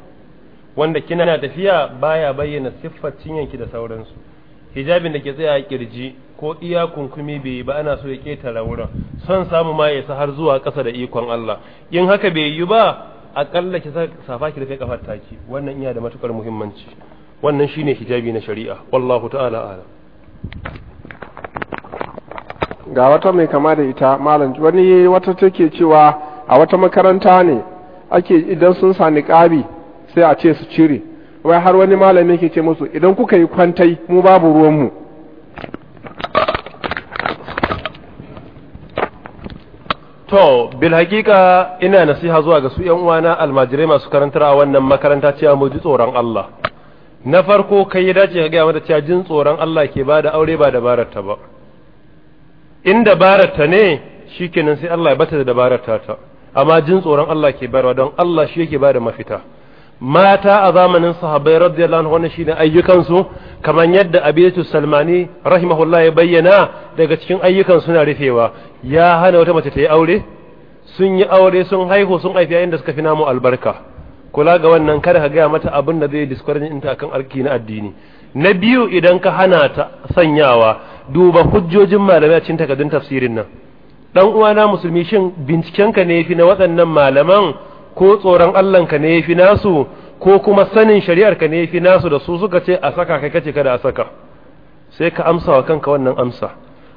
Wanda kina tafiya baya bayyana siffar cinyanki da sauransu. Hijabin da ke tsaya a kirji ko iya kunkumi bai yi ba ana so ya ketara wurin son samu ma ya har zuwa ƙasa da ikon Allah in haka bai yi ba aƙalla ki safa ki rufe kafar taki wannan iya da matukar muhimmanci wannan shine hijabi na shari'a wallahu ta'ala ala ga wata mai kama da ita malam wani wata take cewa a wata makaranta ne ake idan sun sani ƙabi sai a ce su cire wai har wani malami yake ce musu idan kuka yi kwantai mu babu ruwan mu To, bil hakika ina nasiha zuwa ga su uwana almajirai masu karantar a wannan makaranta cewa mu ji tsoron Allah. Na farko kai ya dace ka gaya mata cewa jin tsoron Allah ke ba da aure ba dabararta ba. In dabararta ne shikenan sai Allah ya bata da dabararta ta. Amma jin tsoron Allah ke barwa don Allah shi yake ba da mafita. mata a zamanin sahabbai radiyallahu anhu wannan shine ayyukansu kamar yadda abidatu salmani rahimahullah ya bayyana daga cikin ayyukan suna rufewa ya hana wata mace ta yi aure sun yi aure sun haihu sun haifi yayin da suka fi namu albarka kula ga wannan kada ka gaya mata abin da zai discourage inta akan arki na addini na biyu idan ka hana ta sanyawa duba hujjojin malamai a cikin takardun tafsirin nan dan uwana musulmi shin bincikenka ne fi na waɗannan malaman ko tsoron Allahnka ne yafi nasu ko kuma sanin shari'arka ne yafi nasu da su suka ce a saka kai kace kada a saka sai ka amsa wa kanka wannan amsa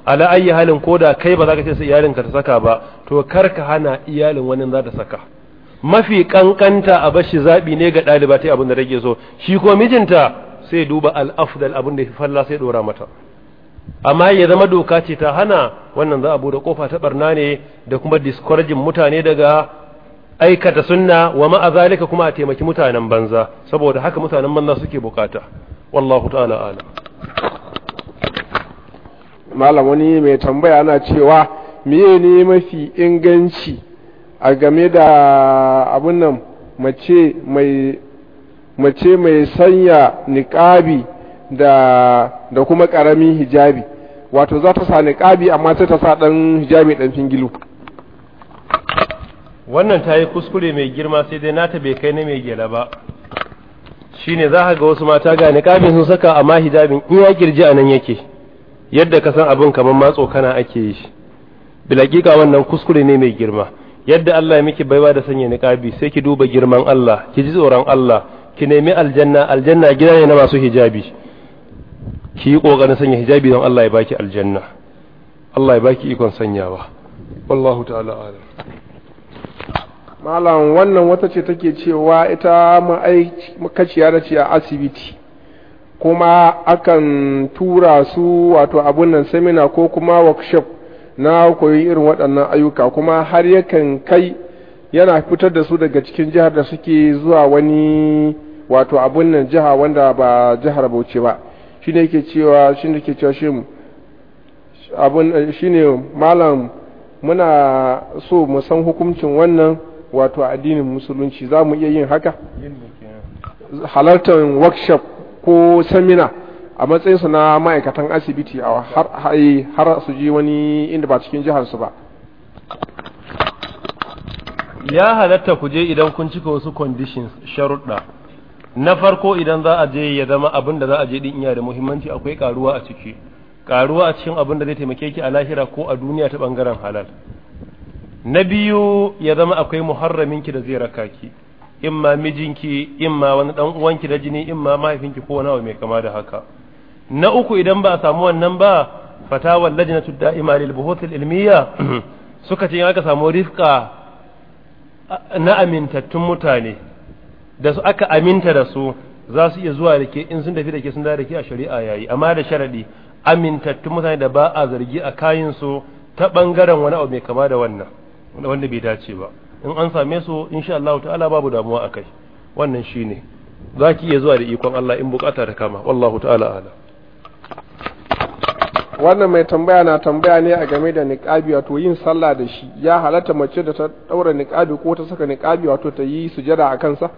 ala ayi halin da kai ba za ka ce sai iyalinka ta saka ba to kar ka hana iyalin wani za ta saka mafi kankanta a bashi zabi ne ga ɗaliba ta abin da rage so shi ko mijinta sai duba al-afdal abin da ya falla sai dora mata amma ya zama doka ce ta hana wannan za a bude kofa ta barna ne da kuma discouraging mutane daga aikata sunna wa ma'a zalika kuma a taimaki mutanen banza saboda haka mutanen banza suke bukata wallahu ta'ala alam malam wani mai tambaya ana cewa meye ne mafi inganci a game da abun nan mace mai mace mai sanya niqabi da da kuma karamin hijabi wato za ta sa niqabi amma sai ta sa dan hijabi dan fingilu wannan ta yi kuskure mai girma sai dai nata bai kai na mai gyara ba shi ne za ka ga wasu mata ga niqabin sun saka a ma hijabin in ya girji nan yake yadda ka san abin kamar matso kana ake yi shi bilakika wannan kuskure ne mai girma yadda Allah ya miki baiwa da sanya niqabi sai ki duba girman Allah ki ji tsoron Allah ki nemi aljanna aljanna gida ne na masu hijabi ki yi kokarin sanya hijabi don Allah ya baki aljanna Allah ya baki ikon sanyawa wallahu ta'ala malam wannan wata ce take cewa ita kaciya da ce a asibiti kuma akan tura su wato abun nan semina ko kuma workshop na koyi irin waɗannan ayyuka kuma har yakan kai yana fitar da su daga cikin jihar da suke zuwa wani wato abun nan jiha wanda ba jihar bauchi ba shi ne ke cewa shi ne cewa shi abun shi malam muna so mu san hukuncin wannan wato addinin musulunci za mu iya yin haka halartar workshop ko semina a matsayinsu na ma'aikatan asibiti a har su ji wani inda ba cikin jiharsu ba ya halatta ku je idan kun cika wasu conditions sharuɗa na farko idan za a je ya zama abin da za a je din iya da muhimmanci akwai karuwa a ciki karuwa a cikin abin da zai taimake ki a lahira ko a duniya ta bangaren halal na biyu ya zama akwai muharraminki da zai raka ki imma mijinki imma wani dan uwanki da jini imma mahaifinki ko wani mai kama da haka na uku idan ba a samu wannan ba fatawar lajnatu da'ima lil buhuthil ilmiya suka ce in aka samu rifka na amintattun mutane da su aka aminta da su za su iya zuwa da ke in sun tafi da ke sun da da ke a shari'a yayi amma da sharadi amintattun mutane da ba a zargi a kayansu ta bangaren wani abu mai kama da wannan wanda bai dace ba in an same su insha Allah ta'ala babu damuwa a kai, wannan shi ne. Za ki iya zuwa da ikon Allah in bukata ta kama wallahu ta'ala ala wannan mai tambaya na tambaya ne a game da niqabi wato yin sallah da shi ya halatta mace da ta daura niqabi ko ta saka niqabi wato ta yi sujada a kansa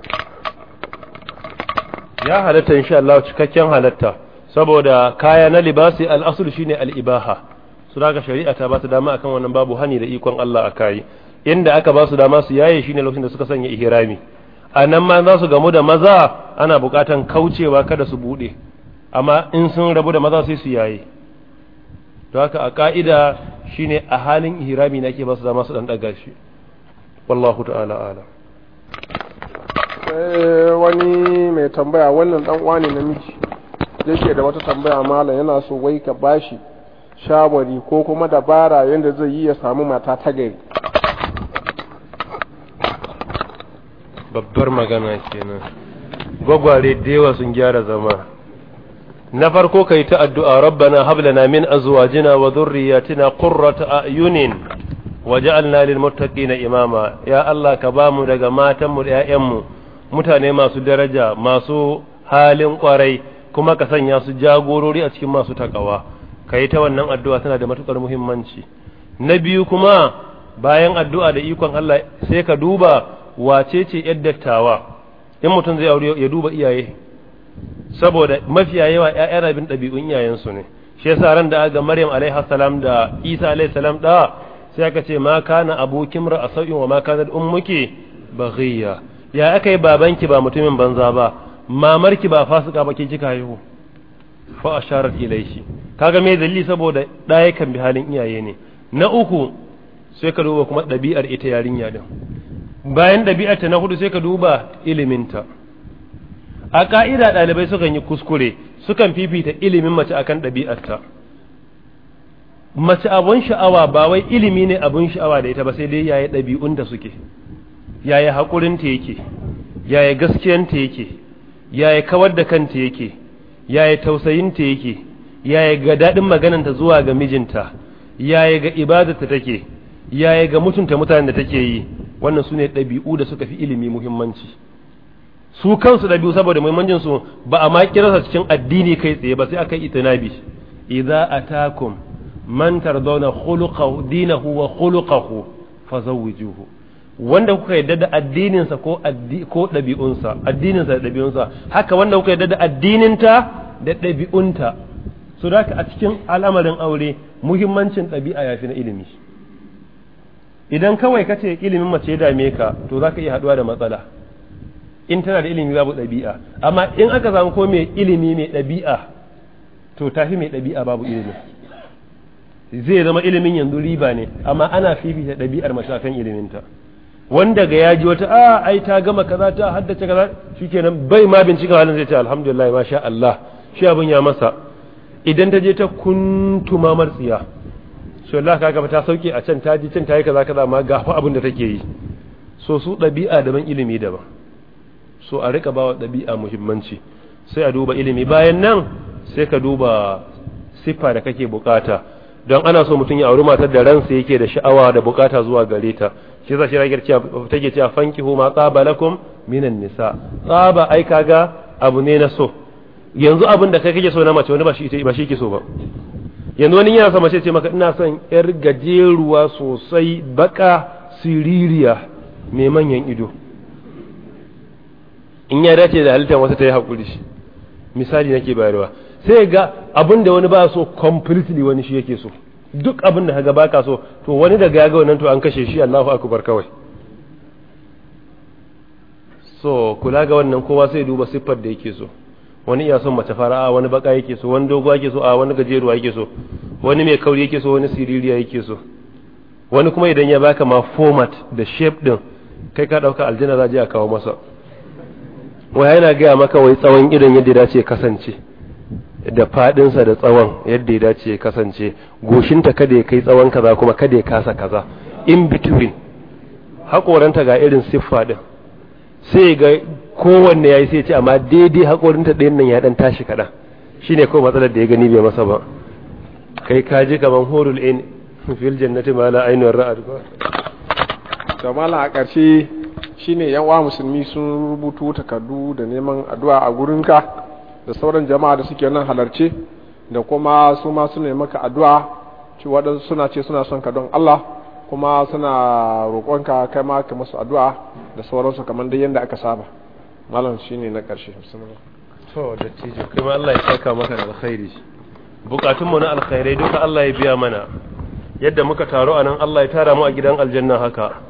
ya halatta insha Allah cikakken halatta saboda kaya na libasi al-asl shine al-ibaha su da shari'a ta ba su dama akan wannan babu hani da ikon Allah a kai inda aka ba su dama su yaye shine lokacin da suka sanya ihrami a nan ma za su gamu da maza ana bukatan kaucewa kada su bude amma in sun rabu da maza sai su yaye to haka a ka'ida shine a halin ihrami nake ake ba su dama su dan daga shi wallahu ta'ala ala eh, wani mai tambaya wannan dan uwa ne namiji yake da wata tambaya malam yana so wai ka bashi shawari ko kuma dabara yadda zai yi ya samu mata ta gari babbar magana kenan gwagware da yawa sun gyara zama na farko kai ta addu'a rabbana hablana min azuwa jina wa dhurriyyatina qurrata a'yunin waj'alna lil na imama ya Allah ka bamu daga matanmu da 'ya'yanmu mutane masu daraja masu halin kwarai kuma ka sanya su jagorori a cikin masu takawa ka yi ta wannan addu'a tana da matuƙar muhimmanci na biyu kuma bayan addu'a da ikon Allah sai ka duba wace ce ‘yar dattawa in mutum zai aure ya duba iyaye saboda mafiya yawa ‘ya'ya rabin ɗabi'un iyayensu ne shi yasa ran da ga maryam alaihi salam da isa alaihi salam da sai aka ce ma kana abokin ra'a sau'in wa ma kana ummuki baghiya ya aka yi babanki ba mutumin banza ba mamarki ba fasika ba ke kika haihu fa asharat ilaihi kaga me dalili saboda da kan bi halin iyaye ne na uku sai ka duba kuma ɗabi'ar ita yarinya din bayan dabi'ar ta na hudu sai ka duba iliminta a ka'ida ɗalibai sukan yi kuskure sukan fifita ilimin mace akan ɗabi'arta mace abun sha'awa ba wai ilimi ne abun sha'awa da ita ba sai dai yaya ɗabi'un da suke yaya haƙurinta yake yaya gaskiyanta yake yaya kawar da kanta yake yaya tausayinta yake yaya ga daɗin magananta zuwa ga mijinta yaya ga ibadata take yaya ga mutunta mutanen da take yi wannan su ne ɗabi'u da suka fi ilimi muhimmanci su kansu ɗabi'u saboda muhimmancin su ba a ma cikin addini kai tsaye ba sai aka yi itinabi idza atakum man tardawna khuluqahu dinahu wa khuluqahu fazawwijuhu wanda kuka yarda da addininsa ko ko ɗabi'unsa addininsa da ɗabi'unsa haka wanda kuka yarda da addininta da ɗabi'unta su da a cikin al'amarin aure muhimmancin ɗabi'a ya fi na ilimi idan kawai ka ce ilimin mace ya dame ka to za ka iya haɗuwa da matsala in tana da ilimi babu ɗabi'a amma in aka samu ko mai ilimi mai ɗabi'a to tafi mai ɗabi'a babu ilimi zai zama ilimin yanzu riba ne amma ana fifita ɗabi'ar mace akan iliminta wanda ga ya ji wata a ai ta gama kaza ta haddace kaza shikenan bai ma bincika halin zai ce alhamdulillah sha Allah shi abin ya masa idan ta je ta kuntuma martsiya so Allah ka gaba ta sauke a can ta ji can tayi kaza kaza ma ga abin da take yi so su ɗabi'a daban ilimi daban so a rika bawa ɗabi'a muhimmanci sai a duba ilimi bayan nan sai ka duba siffa da kake bukata don ana so mutum ya auri matar da ransa yake da sha'awa da bukata zuwa gare ta shi za shi ragar cewa ce cewa fanki huma tsaba lakum minan nisa tsaba ai kaga abu ne na so yanzu abin da kai kake so na mace wani ba shi ba shi ke so ba yanzu wani yana so mace ce maka ina son yar gajeruwa sosai baka siririya mai manyan ido in ya dace da halittar wasu ta yi haƙuri shi misali nake bayarwa sai ga abin da wani ba so completely wani shi yake so duk abin da kaga baka so to wani daga ya ga wannan to an kashe shi Allahu akbar kawai so kula ga wannan kowa sai duba siffar da yake so wani iya son mace fara a wani baka yake so wani dogo yake so a wani gajeruwa yake so wani mai kauri yake so wani siririya yake so wani kuma idan ya baka ma format da shape din kai ka dauka aljanna za a kawo masa wai yana gaya maka wai tsawon idan yadda dace kasance da fadinsa da tsawon yadda ya dace ya kasance goshinta kada ya kai tsawon kaza kuma kada ya kasa kaza in between hakoranta ga irin siffa din sai ga kowanne yayi sai ya ce amma daidai hakorinta ɗayan nan ya dan tashi kaɗan shine kuma matsalar da ya gani bai masa ba kai ka ji kaman horul in fil jannati ma la ainun ra'ad ba to mala a ƙarshe shine yan uwa musulmi sun rubutu takardu da neman addu'a a gurinka da sauran jama'a da suke nan halarce da kuma su ma suna maka addu'a ci waɗansu suna ce suna son ka don Allah kuma suna roƙonka kai ma ka musu addu'a da sauransu kamar dai yadda aka saba malam shine na ƙarshe to da tijo kai ma Allah ya saka maka da alkhairi bukatun mu na alkhairai duka Allah ya biya mana yadda muka taro anan Allah ya tara mu a gidan aljanna haka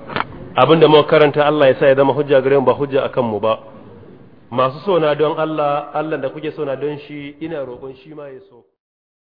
abinda muka karanta Allah ya sa ya zama hujja gare mu ba hujja akan mu ba masu sona don Allah Allah da kuke sona don shi ina roƙon shi ma ya so